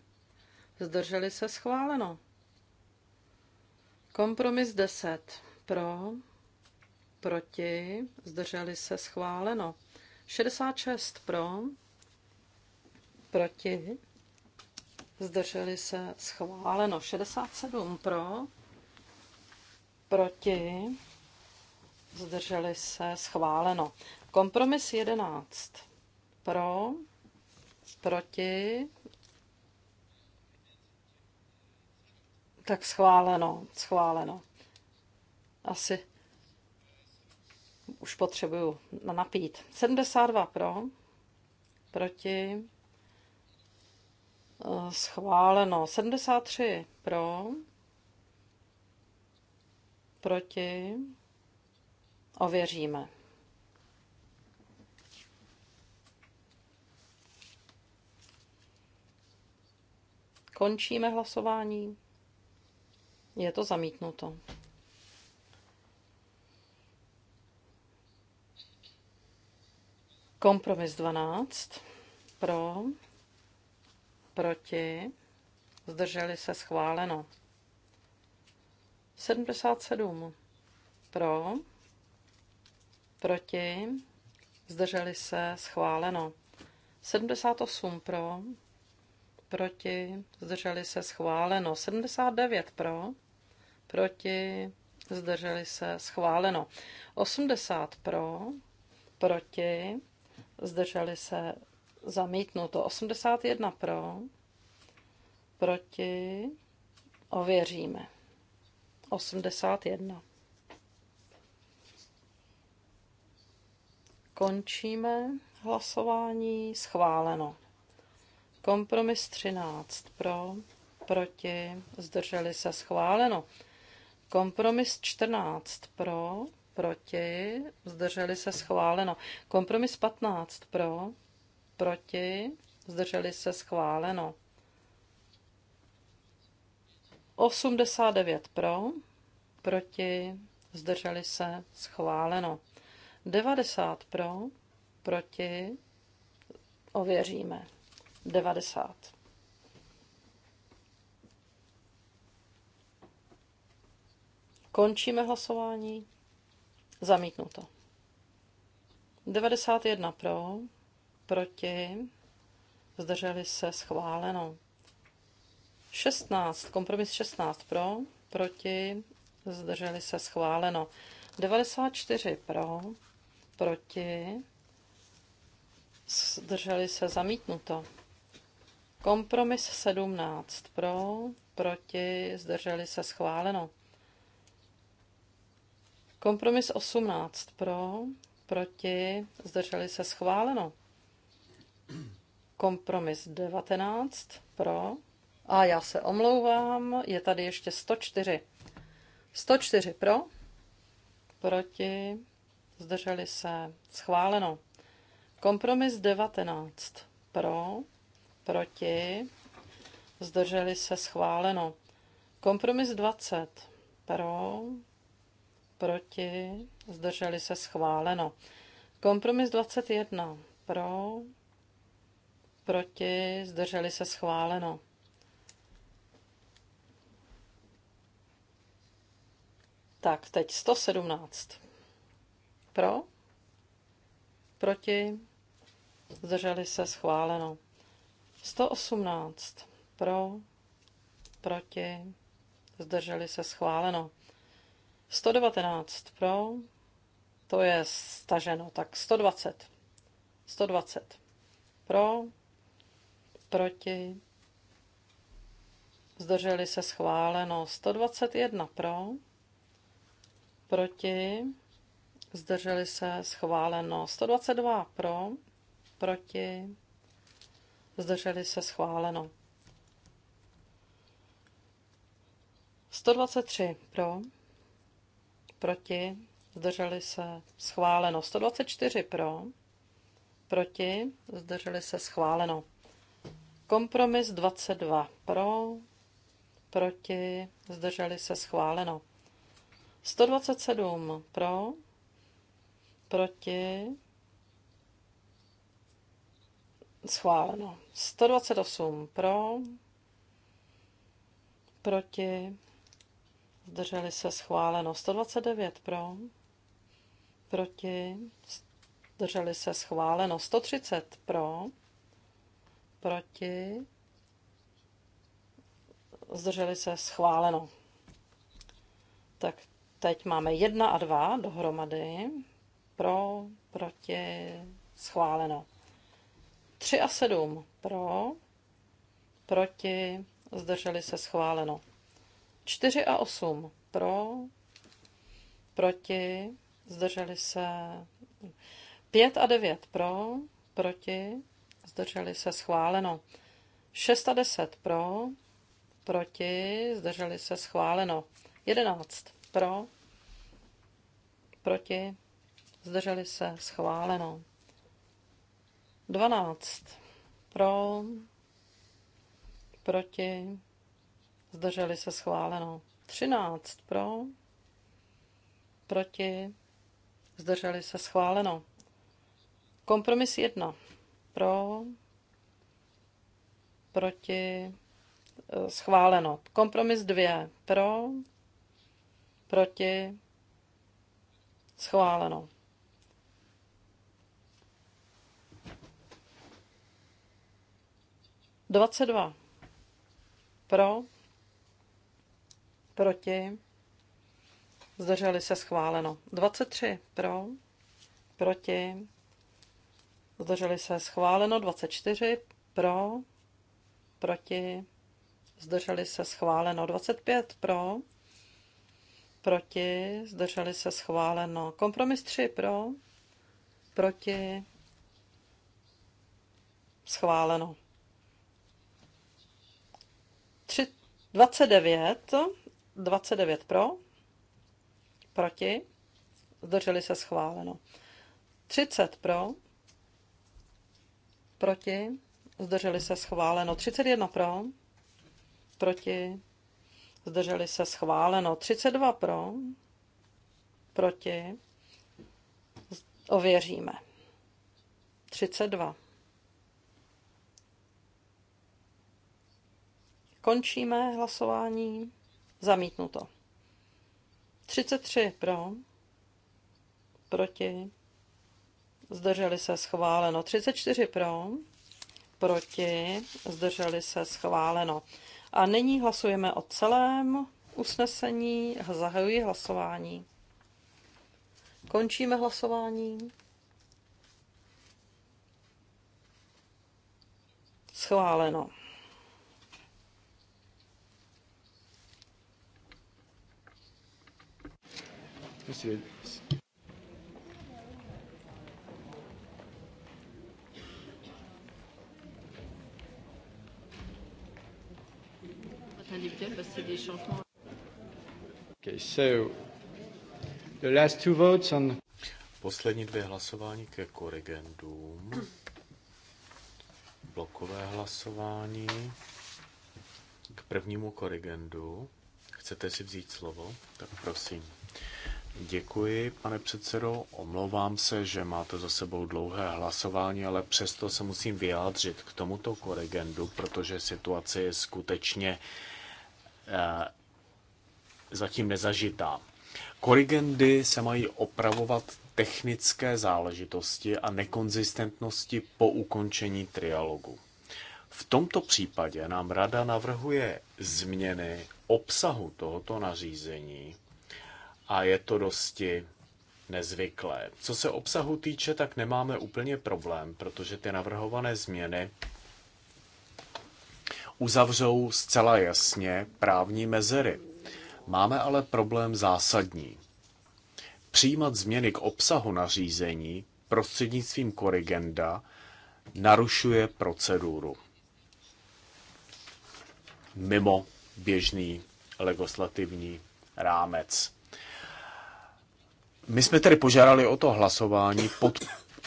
zdrželi se schváleno. Kompromis 10 pro, proti, zdrželi se schváleno. 66 pro, proti, zdrželi se schváleno. 67 pro, proti, zdrželi se schváleno. Kompromis 11 pro, proti, tak schváleno, schváleno. Asi už potřebuju napít. 72 pro, proti, eh, schváleno. 73 pro, proti, ověříme. Končíme hlasování. Je to zamítnuto. Kompromis 12 pro, proti, zdrželi se schváleno. 77 pro, proti, zdrželi se schváleno. 78 pro, proti, zdrželi se schváleno. 79 pro, proti, zdrželi se schváleno. 80 pro, proti, zdrželi se zamítnuto. 81 pro, proti, ověříme. 81. Končíme hlasování, schváleno. Kompromis 13 pro, proti, zdrželi se schváleno. Kompromis 14 pro, proti, zdrželi se schváleno. Kompromis 15 pro, proti, zdrželi se schváleno. 89 pro, proti, zdrželi se schváleno. 90 pro, proti, ověříme. 90. Končíme hlasování. Zamítnuto. 91 pro, proti, zdrželi se schváleno. 16, kompromis 16 pro, proti, zdrželi se schváleno. 94 pro, proti, zdrželi se zamítnuto. Kompromis 17 pro, proti, zdrželi se schváleno. Kompromis 18 pro, proti, zdrželi se schváleno. Kompromis 19 pro, a já se omlouvám, je tady ještě 104. 104 pro, proti, zdrželi se schváleno. Kompromis 19 pro, proti, zdrželi se schváleno. Kompromis 20 pro, proti, zdrželi se schváleno. Kompromis 21 pro, proti, zdrželi se schváleno. Tak, teď 117. Pro, proti, zdrželi se schváleno. 118. Pro, proti, zdrželi se schváleno. 119 pro, to je staženo, tak 120. 120 pro, proti, zdrželi se schváleno, 121 pro, proti, zdrželi se schváleno, 122 pro, proti, zdrželi se schváleno. 123 pro, proti, zdrželi se schváleno. 124 pro, proti, zdrželi se schváleno. Kompromis 22 pro, proti, zdrželi se schváleno. 127 pro, proti, schváleno. 128 pro, proti, zdrželi se schváleno. 129 pro, proti, zdrželi se schváleno. 130 pro, proti, zdrželi se schváleno. Tak teď máme 1 a 2 dohromady. Pro, proti, schváleno. 3 a 7 pro, proti, zdrželi se schváleno. 4 a 8 pro, proti, zdrželi se 5 a 9 pro, proti, zdrželi se schváleno. 6 a 10 pro, proti, zdrželi se schváleno. 11 pro, proti, zdrželi se schváleno. 12 pro, proti, zdrželi se schváleno. 13 pro, proti, zdrželi se schváleno. Kompromis 1 pro, proti, eh, schváleno. Kompromis 2 pro, proti, schváleno. Dvacet dva. Pro, proti, zdrželi se schváleno. 23 pro, proti, zdrželi se schváleno. 24 pro, proti, zdrželi se schváleno. 25 pro, proti, zdrželi se schváleno. Kompromis 3 pro, proti, schváleno. 3, 29 29 pro, proti, zdrželi se schváleno. 30 pro, proti, zdrželi se schváleno. 31 pro, proti, zdrželi se schváleno. 32 pro, proti, ověříme. 32. Končíme hlasování. Zamítnuto. 33 pro, proti, zdrželi se schváleno. 34 pro, proti, zdrželi se schváleno. A nyní hlasujeme o celém usnesení. Zahajuji hlasování. Končíme hlasování. Schváleno. Okay, so the last two votes on... Poslední dvě hlasování ke korigendům. Blokové hlasování k prvnímu korrigendu. Chcete si vzít slovo? Tak prosím. Děkuji, pane předsedo. Omlouvám se, že máte za sebou dlouhé hlasování, ale přesto se musím vyjádřit k tomuto korigendu, protože situace je skutečně eh, zatím nezažitá. Korigendy se mají opravovat technické záležitosti a nekonzistentnosti po ukončení trialogu. V tomto případě nám rada navrhuje změny obsahu tohoto nařízení a je to dosti nezvyklé. Co se obsahu týče, tak nemáme úplně problém, protože ty navrhované změny uzavřou zcela jasně právní mezery. Máme ale problém zásadní. Přijímat změny k obsahu nařízení prostřednictvím korigenda narušuje proceduru mimo běžný legislativní rámec. My jsme tedy požádali o to hlasování, pod,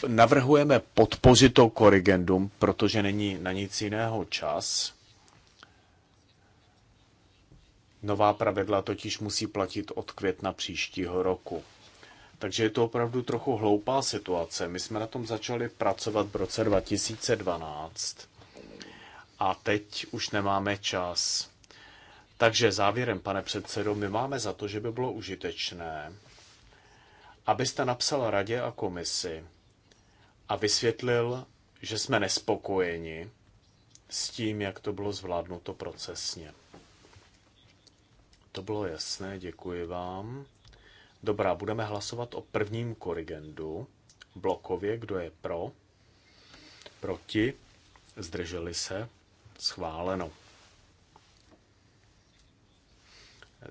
navrhujeme podpořit to korrigendum, protože není na nic jiného čas. Nová pravidla totiž musí platit od května příštího roku. Takže je to opravdu trochu hloupá situace. My jsme na tom začali pracovat v roce 2012 a teď už nemáme čas. Takže závěrem, pane předsedo, my máme za to, že by bylo užitečné, abyste napsal radě a komisi a vysvětlil, že jsme nespokojeni s tím, jak to bylo zvládnuto procesně. To bylo jasné, děkuji vám. Dobrá, budeme hlasovat o prvním korigendu. Blokově, kdo je pro, proti, zdrželi se, schváleno.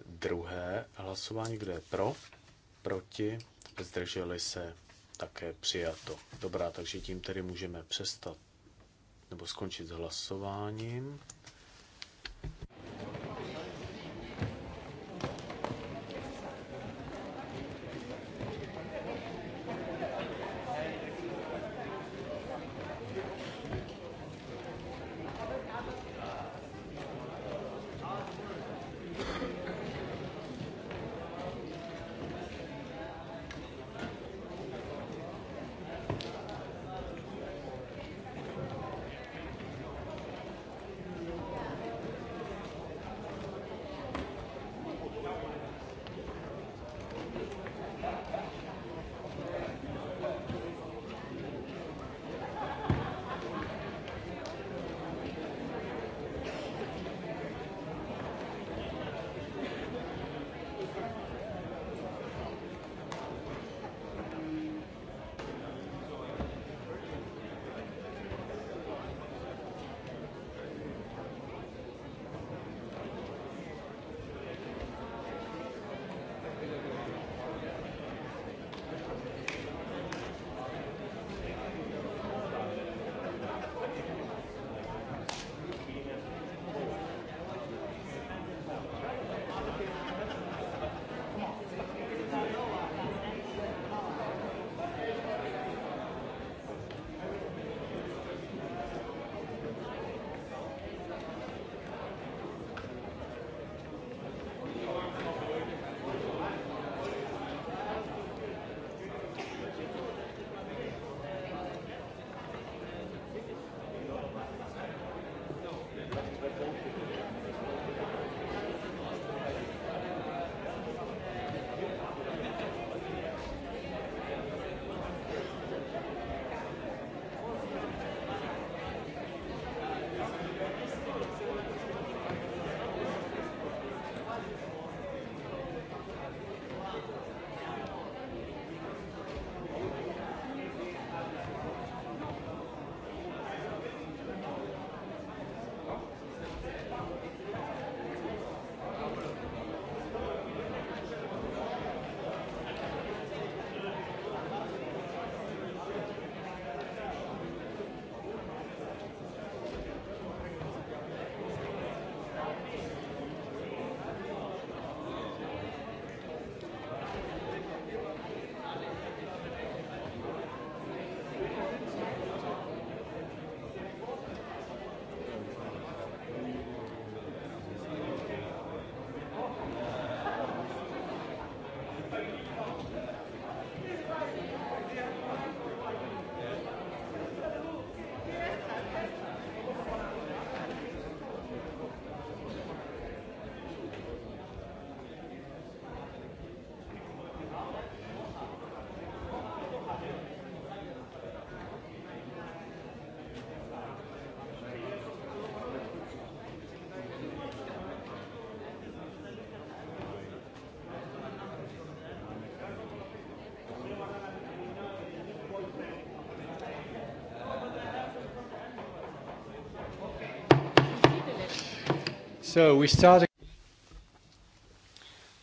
Druhé hlasování, kdo je pro, proti, zdrželi se, také přijato. Dobrá, takže tím tedy můžeme přestat nebo skončit s hlasováním.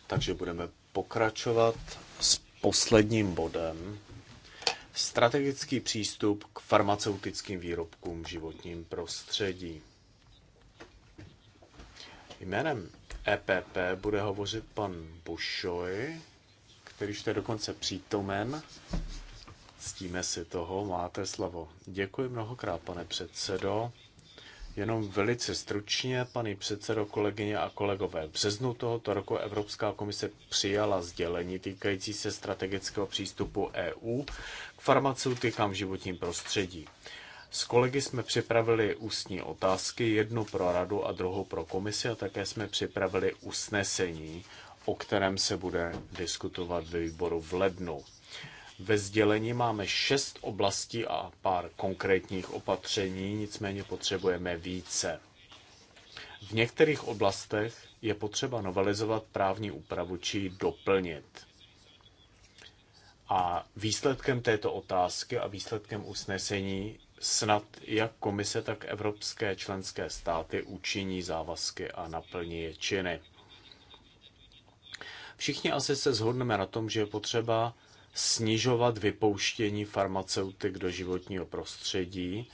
Takže budeme pokračovat s posledním bodem. Strategický přístup k farmaceutickým výrobkům v životním prostředí. Jménem EPP bude hovořit pan Bušoj, který je dokonce přítomen. Ctíme si toho, máte slovo. Děkuji mnohokrát, pane předsedo. Jenom velice stručně, paní předsedo, kolegyně a kolegové, v březnu tohoto roku Evropská komise přijala sdělení týkající se strategického přístupu EU k farmaceutikám v životním prostředí. S kolegy jsme připravili ústní otázky, jednu pro radu a druhou pro komisi a také jsme připravili usnesení, o kterém se bude diskutovat ve výboru v lednu. Ve sdělení máme šest oblastí a pár konkrétních opatření, nicméně potřebujeme více. V některých oblastech je potřeba novelizovat právní úpravu či ji doplnit. A výsledkem této otázky a výsledkem usnesení snad jak komise, tak evropské členské státy učiní závazky a naplní je činy. Všichni asi se shodneme na tom, že je potřeba snižovat vypouštění farmaceutik do životního prostředí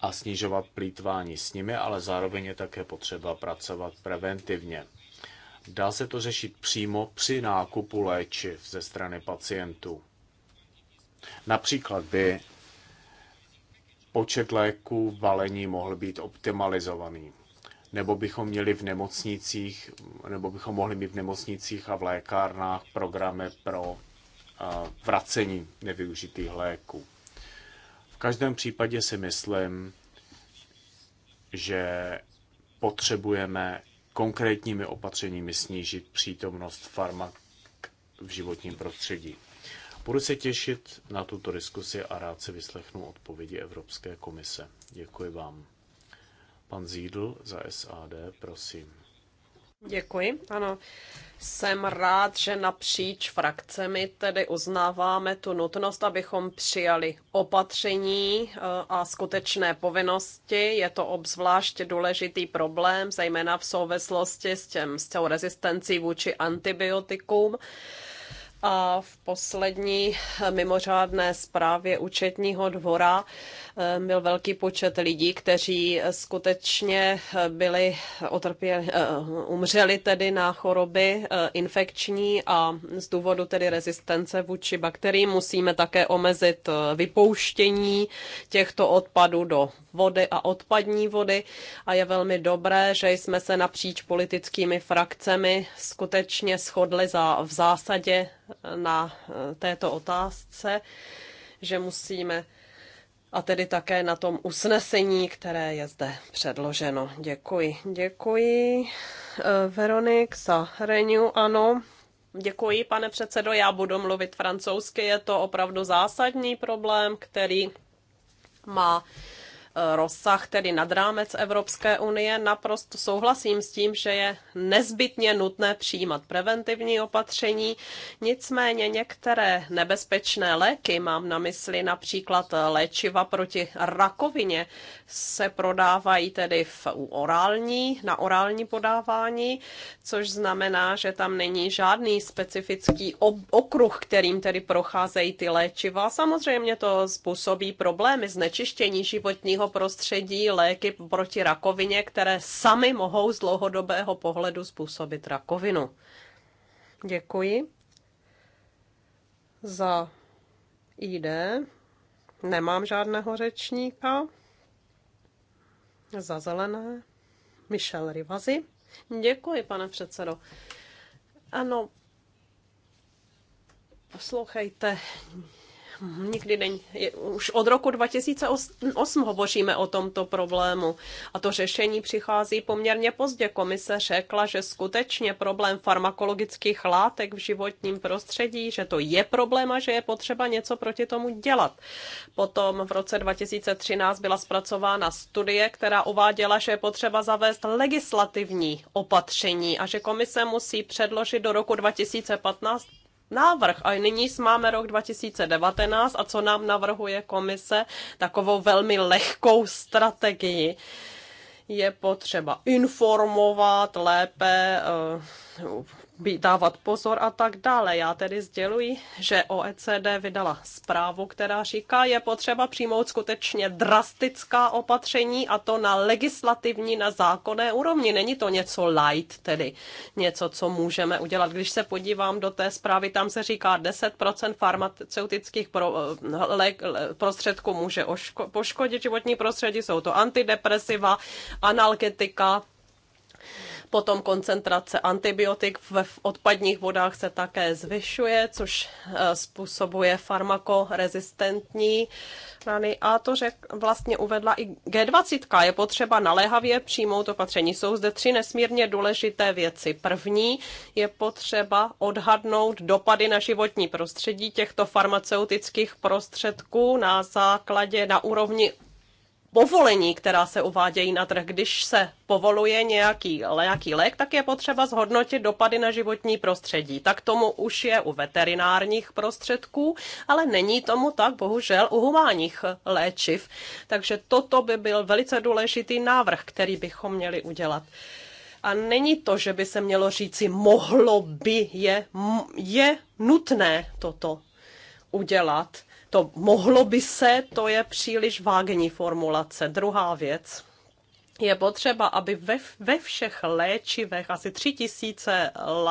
a snižovat plítvání s nimi, ale zároveň je také potřeba pracovat preventivně. Dá se to řešit přímo při nákupu léčiv ze strany pacientů. Například by počet léků v balení mohl být optimalizovaný. Nebo bychom měli v nemocnicích, nebo bychom mohli mít v nemocnicích a v lékárnách programy pro vracení nevyužitých léků. V každém případě si myslím, že potřebujeme konkrétními opatřeními snížit přítomnost farmak v životním prostředí. Budu se těšit na tuto diskusi a rád si vyslechnu odpovědi Evropské komise. Děkuji vám. Pan Zídl za SAD, prosím. Děkuji, ano. Jsem rád, že napříč frakcemi tedy uznáváme tu nutnost, abychom přijali opatření eh, a skutečné povinnosti. Je to obzvlášť důležitý problém, zejména v souvislosti s, těm, s tou rezistencí vůči antibiotikům. A v poslední mimořádné zprávě účetního dvora eh, byl velký počet lidí, kteří skutečně eh, byli otrpěli, eh, umřeli tedy na choroby infekční a z důvodu tedy rezistence vůči bakteriím musíme také omezit vypouštění těchto odpadů do vody a odpadní vody a je velmi dobré, že jsme se napříč politickými frakcemi skutečně shodli za v zásadě na eh, této otázce, že musíme a tedy také na tom usnesení, které je zde předloženo. Děkuji. Děkuji eh, Veronik za Renu, Ano, děkuji, pane předsedo. Já budu mluvit francouzsky. Je to opravdu zásadní problém, který má Eh, rozsah, tedy nad rámec Evropské unie. Naprosto souhlasím s tím, že je nezbytně nutné přijímat preventivní opatření. Nicméně některé nebezpečné léky, mám na mysli například léčiva proti rakovině, se prodávají tedy v orální, na orální podávání, což znamená, že tam není žádný specifický okruh, kterým tedy procházejí ty léčiva. Samozřejmě to způsobí problémy znečištění životního životního prostředí léky proti rakovině, které sami mohou z dlouhodobého pohledu způsobit rakovinu. Děkuji za ID. Nemám žádného řečníka. Za zelené. Michel Rivazi. Děkuji, pane předsedo. Ano, poslouchejte, Mhm, nikdy není. Už od roku 2008 hovoříme o tomto problému a to řešení přichází poměrně pozdě. Komise řekla, že skutečně problém farmakologických látek v životním prostředí, že to je problém a že je potřeba něco proti tomu dělat. Potom v roce 2013 byla zpracována studie, která uváděla, že je potřeba zavést legislativní opatření a že komise musí předložit do roku 2015 návrh. A nyní máme rok 2019 a co nám navrhuje komise, takovou velmi lehkou strategii. Je potřeba informovat lépe eh, dávat pozor a tak dále. Já tedy sděluji, že OECD vydala zprávu, která říká, je potřeba přijmout skutečně drastická opatření a to na legislativní, na zákonné úrovni. Není to něco light, tedy něco, co můžeme udělat. Když se podívám do té zprávy, tam se říká 10% farmaceutických pro, le, eh, le, eh, prostředků může oško, poškodit životní prostředí. Jsou to antidepresiva, analgetika, Potom koncentrace antibiotik v odpadních vodách se také zvyšuje, což eh, způsobuje farmakorezistentní rany. A to, že vlastně uvedla i G20, je potřeba naléhavě přijmout opatření. Jsou zde tři nesmírně důležité věci. První je potřeba odhadnout dopady na životní prostředí těchto farmaceutických prostředků na základě, na úrovni povolení, která se uvádějí na trh. Když se povoluje nějaký, nějaký lék, tak je potřeba zhodnotit dopady na životní prostředí. Tak tomu už je u veterinárních prostředků, ale není tomu tak bohužel u humánních léčiv. Takže toto by byl velice důležitý návrh, který bychom měli udělat. A není to, že by se mělo říci, mohlo by, je, je nutné toto udělat to mohlo by se, to je příliš vágní formulace. Druhá věc. Je potřeba, aby ve, ve všech léčivech asi tři tisíce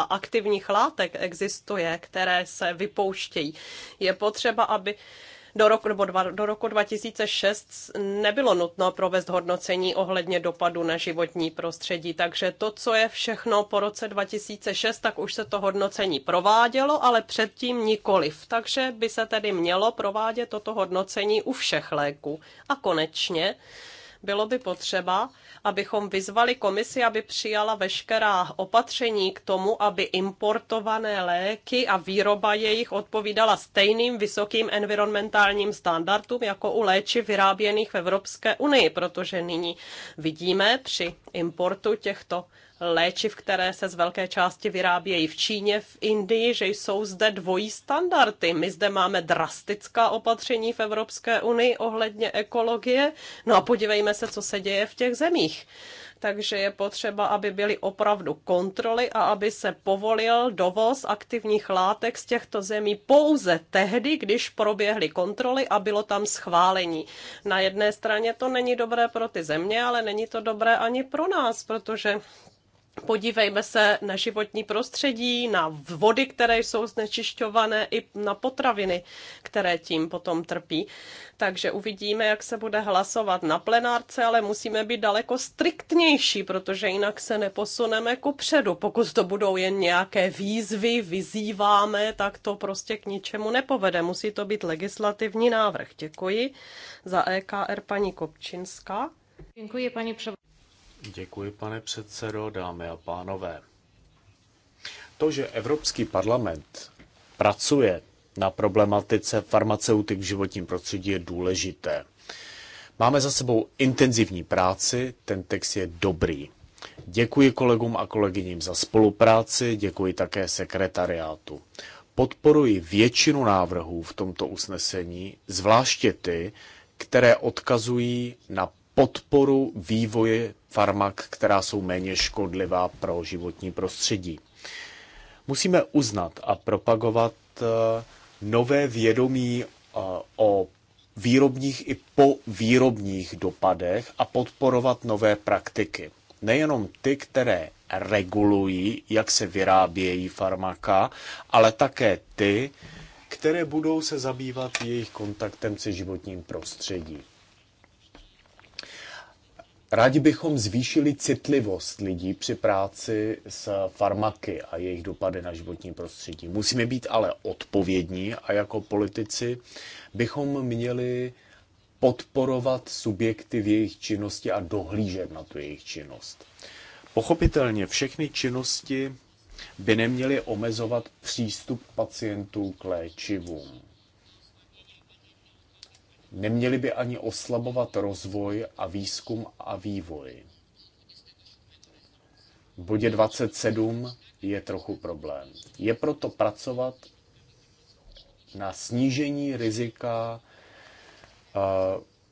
aktivních látek existuje, které se vypouštějí. Je potřeba, aby do roku, nebo dva, do roku 2006 nebylo nutno provést hodnocení ohledně dopadu na životní prostředí, takže to, co je všechno po roce 2006, tak už se to hodnocení provádělo, ale předtím nikoliv. Takže by se tedy mělo provádět toto hodnocení u všech léků. A konečně, bylo by potřeba, abychom vyzvali komisi, aby přijala veškerá opatření k tomu, aby importované léky a výroba jejich odpovídala stejným vysokým environmentálním standardům jako u léčiv vyráběných v Evropské unii, protože nyní vidíme při importu těchto léčiv, které se z velké části vyrábějí v Číně, v Indii, že jsou zde dvojí standardy. My zde máme drastická opatření v Evropské unii ohledně ekologie. No a podívejme se, co se děje v těch zemích. Takže je potřeba, aby byly opravdu kontroly a aby se povolil dovoz aktivních látek z těchto zemí pouze tehdy, když proběhly kontroly a bylo tam schválení. Na jedné straně to není dobré pro ty země, ale není to dobré ani pro nás, protože Podívejme se na životní prostředí, na vody, které jsou znečišťované, i na potraviny, které tím potom trpí. Takže uvidíme, jak se bude hlasovat na plenárce, ale musíme být daleko striktnější, protože jinak se neposuneme ku předu. Pokud to budou jen nějaké výzvy, vyzýváme, tak to prostě k ničemu nepovede. Musí to být legislativní návrh. Děkuji za EKR paní Kopčinská. Děkuji, paní převodnice. Děkuji, pane předsedo, dámy a pánové. To, že Evropský parlament pracuje na problematice farmaceutik v životním prostředí, je důležité. Máme za sebou intenzivní práci, ten text je dobrý. Děkuji kolegům a kolegyním za spolupráci, děkuji také sekretariátu. Podporuji většinu návrhů v tomto usnesení, zvláště ty, které odkazují na podporu vývoje farmak, která jsou méně škodlivá pro životní prostředí. Musíme uznat a propagovat eh, nové vědomí eh, o výrobních i po výrobních dopadech a podporovat nové praktiky. Nejenom ty, které regulují, jak se vyrábějí farmaka, ale také ty, které budou se zabývat jejich kontaktem se životním prostředím. Rádi bychom zvýšili citlivost lidí při práci s farmaky a jejich dopady na životní prostředí. Musíme být ale odpovědní a jako politici bychom měli podporovat subjekty v jejich činnosti a dohlížet na tu jejich činnost. Pochopitelně všechny činnosti by neměly omezovat přístup pacientů k léčivům. Neměli by ani oslabovat rozvoj a výzkum a vývoj. V bodě 27 je trochu problém. Je proto pracovat na snížení rizika eh,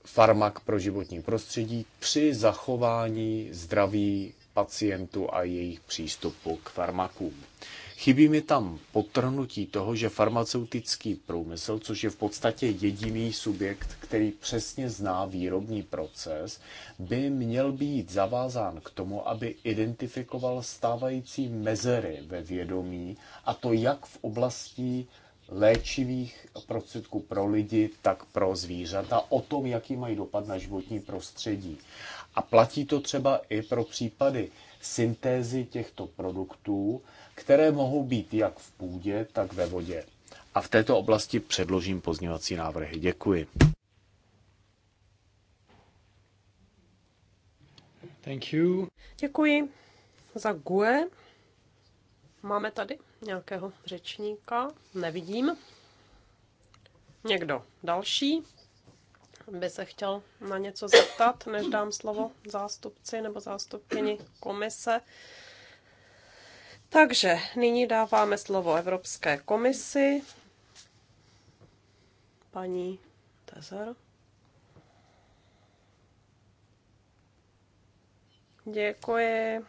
farmak pro životní prostředí při zachování zdraví pacientů a jejich přístupu k farmakům. Chybí mi tam potrhnutí toho, že farmaceutický průmysl, což je v podstatě jediný subjekt, který přesně zná výrobní proces, by měl být zavázán k tomu, aby identifikoval stávající mezery ve vědomí, a to jak v oblasti léčivých prostředků pro lidi, tak pro zvířata, o tom, jaký mají dopad na životní prostředí. A platí to třeba i pro případy syntézy těchto produktů, které mohou být jak v půdě, tak ve vodě. A v této oblasti předložím pozněvací návrhy. Děkuji. Thank you. Děkuji za GUE. Máme tady nějakého řečníka? Nevidím. Někdo další? by se chtěl na něco zeptat, než dám slovo zástupci nebo zástupkyni komise. Takže nyní dáváme slovo Evropské komisi. Paní Tezer. Děkuji.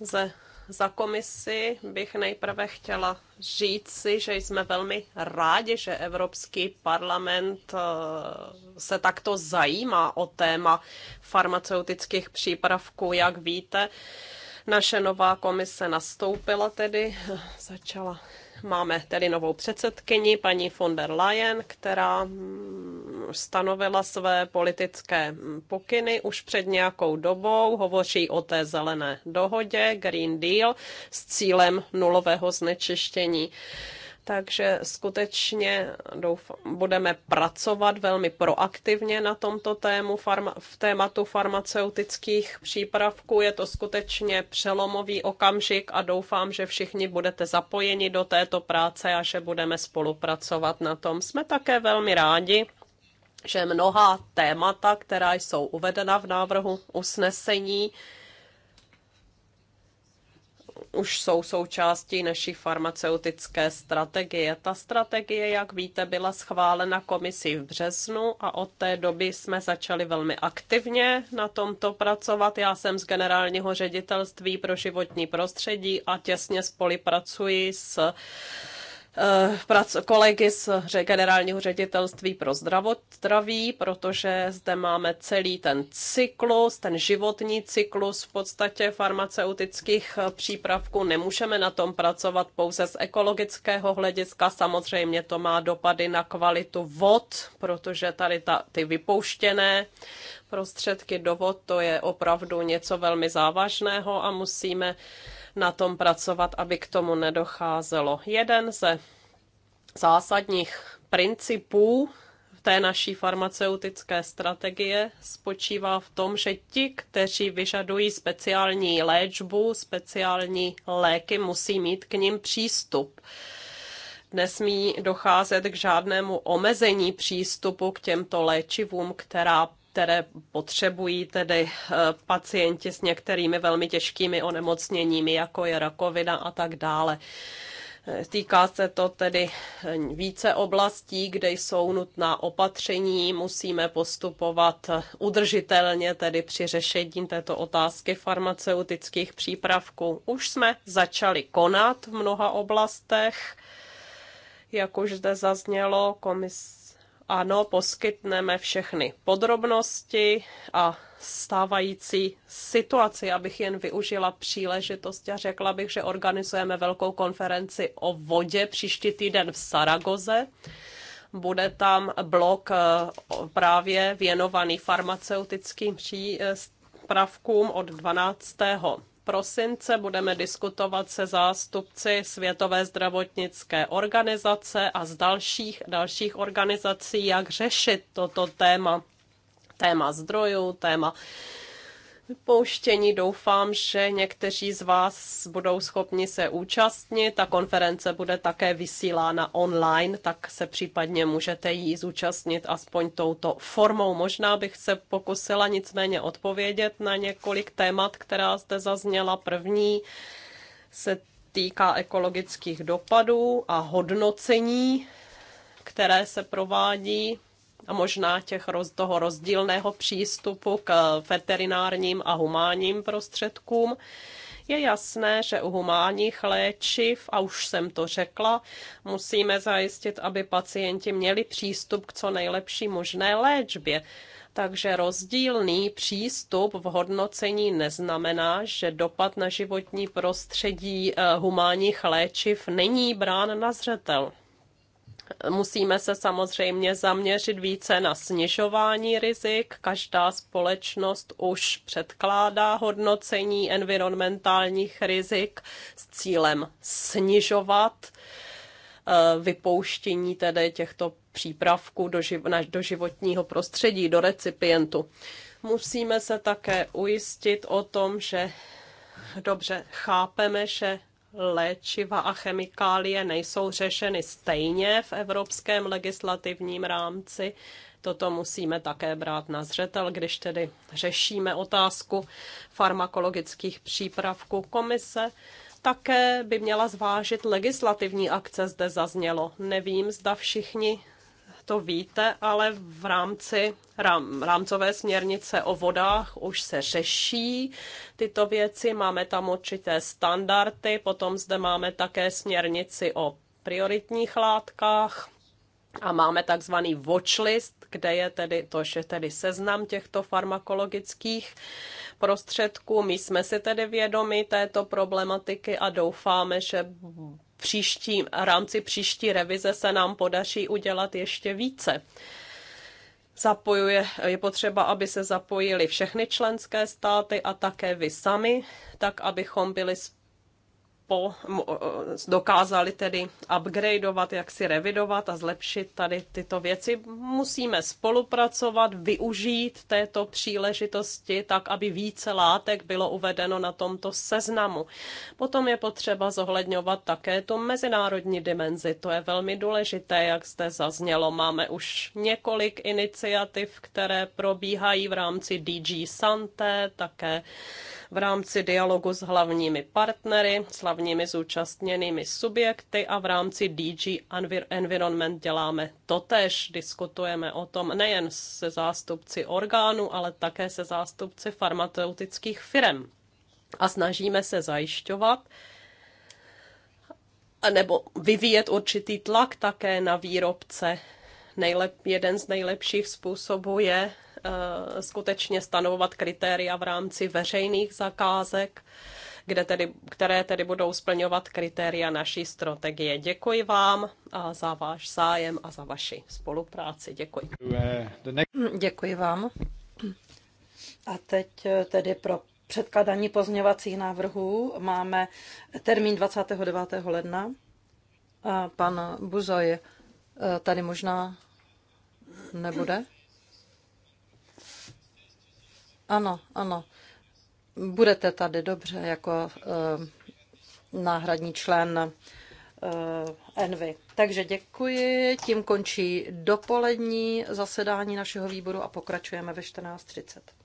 Ze za komisi bych nejprve chtěla říci, že jsme velmi rádi, že Evropský parlament eh, se takto zajímá o téma farmaceutických přípravků. Jak víte, naše nová komise nastoupila tedy, eh, začala Máme tedy novou předsedkyni, paní von der Leyen, která mm, stanovila své politické mm, pokyny už před nějakou dobou. Hovoří o té zelené dohodě, Green Deal, s cílem nulového znečištění takže skutečně doufám, budeme pracovat velmi proaktivně na tomto tému, farma, v tématu farmaceutických přípravků. Je to skutečně přelomový okamžik a doufám, že všichni budete zapojeni do této práce a že budeme spolupracovat na tom. Jsme také velmi rádi, že mnoha témata, která jsou uvedena v návrhu usnesení, už jsou součástí naší farmaceutické strategie. Ta strategie, jak víte, byla schválena komisí v březnu a od té doby jsme začali velmi aktivně na tomto pracovat. Já jsem z generálního ředitelství pro životní prostředí a těsně spolupracuji s Eh, kolegy z generálního ředitelství pro zdraví, protože zde máme celý ten cyklus, ten životní cyklus v podstatě farmaceutických eh, přípravků. Nemůžeme na tom pracovat pouze z ekologického hlediska. Samozřejmě to má dopady na kvalitu vod, protože tady ta, ty vypouštěné prostředky do vod, to je opravdu něco velmi závažného a musíme uh, na tom pracovat, aby k tomu nedocházelo. Jeden ze zásadních principů té naší farmaceutické strategie spočívá v tom, že ti, kteří vyžadují speciální léčbu, speciální léky, musí mít k ním přístup. Nesmí docházet k žádnému omezení přístupu k těmto léčivům, která které potřebují tedy eh, pacienti s některými velmi těžkými onemocněními, jako je rakovina a tak dále. Týká se to tedy eh, více oblastí, kde jsou nutná opatření, musíme postupovat eh, udržitelně tedy při řešení této otázky farmaceutických přípravků. Už jsme začali konat v mnoha oblastech, jak už zde zaznělo, komise ano, poskytneme všechny podrobnosti a stávající situaci, abych jen využila příležitost a řekla bych, že organizujeme velkou konferenci o vodě příští týden v Saragoze. Bude tam blok eh, právě věnovaný farmaceutickým přípravkům od 12 prosince budeme diskutovat se zástupci Světové zdravotnické organizace a z dalších, dalších organizací, jak řešit toto téma. Téma zdrojů, téma vypouštění. Doufám, že někteří z vás budou schopni se účastnit. Ta konference bude také vysílána online, tak se případně můžete jí zúčastnit aspoň touto formou. Možná bych se pokusila nicméně odpovědět na několik témat, která zde zazněla. První se týká ekologických dopadů a hodnocení, které se provádí a možná těch roz, toho rozdílného přístupu k veterinárním a humánním prostředkům. Je jasné, že u humánních léčiv, a už jsem to řekla, musíme zajistit, aby pacienti měli přístup k co nejlepší možné léčbě. Takže rozdílný přístup v hodnocení neznamená, že dopad na životní prostředí eh, humánních léčiv není brán na zřetel. Musíme se samozřejmě zaměřit více na snižování rizik. Každá společnost už předkládá hodnocení environmentálních rizik s cílem snižovat eh, vypouštění tedy těchto přípravků do, živ- do životního prostředí, do recipientu. Musíme se také ujistit o tom, že dobře chápeme, že léčiva a chemikálie nejsou řešeny stejně v evropském legislativním rámci. Toto musíme také brát na zřetel, když tedy řešíme otázku farmakologických přípravků komise také by měla zvážit legislativní akce, zde zaznělo. Nevím, zda všichni to víte, ale v rámci rám, rámcové směrnice o vodách už se řeší tyto věci. Máme tam určité standardy, potom zde máme také směrnici o prioritních látkách a máme takzvaný watchlist, kde je tedy, to že tedy seznam těchto farmakologických prostředků. My jsme si tedy vědomi této problematiky a doufáme, že Příští rámci příští revize se nám podaří udělat ještě více. Zapojuje, je potřeba, aby se zapojili všechny členské státy a také vy sami, tak abychom byli po, dokázali tedy upgradeovat, jak si revidovat a zlepšit tady tyto věci. Musíme spolupracovat, využít této příležitosti tak, aby více látek bylo uvedeno na tomto seznamu. Potom je potřeba zohledňovat také tu mezinárodní dimenzi. To je velmi důležité, jak zde zaznělo. Máme už několik iniciativ, které probíhají v rámci DG Santé, také v rámci dialogu s hlavními partnery, s hlavními zúčastněnými subjekty a v rámci DG Environment děláme totež. Diskutujeme o tom nejen se zástupci orgánů, ale také se zástupci farmaceutických firm. A snažíme se zajišťovat, nebo vyvíjet určitý tlak také na výrobce. Nejlep, jeden z nejlepších způsobů je Eh, skutečně stanovovat kritéria v rámci veřejných zakázek, kde tedy, které tedy budou splňovat kritéria naší strategie. Děkuji vám a za váš zájem a za vaši spolupráci. Děkuji. Děkuji vám. A teď eh, tedy pro předkladání pozměvacích návrhů máme termín 29. ledna. A pan Buzoj eh, tady možná nebude. Ano, ano. Budete tady dobře jako uh, náhradní člen uh, Envy. Takže děkuji, tím končí dopolední zasedání našeho výboru a pokračujeme ve 14.30.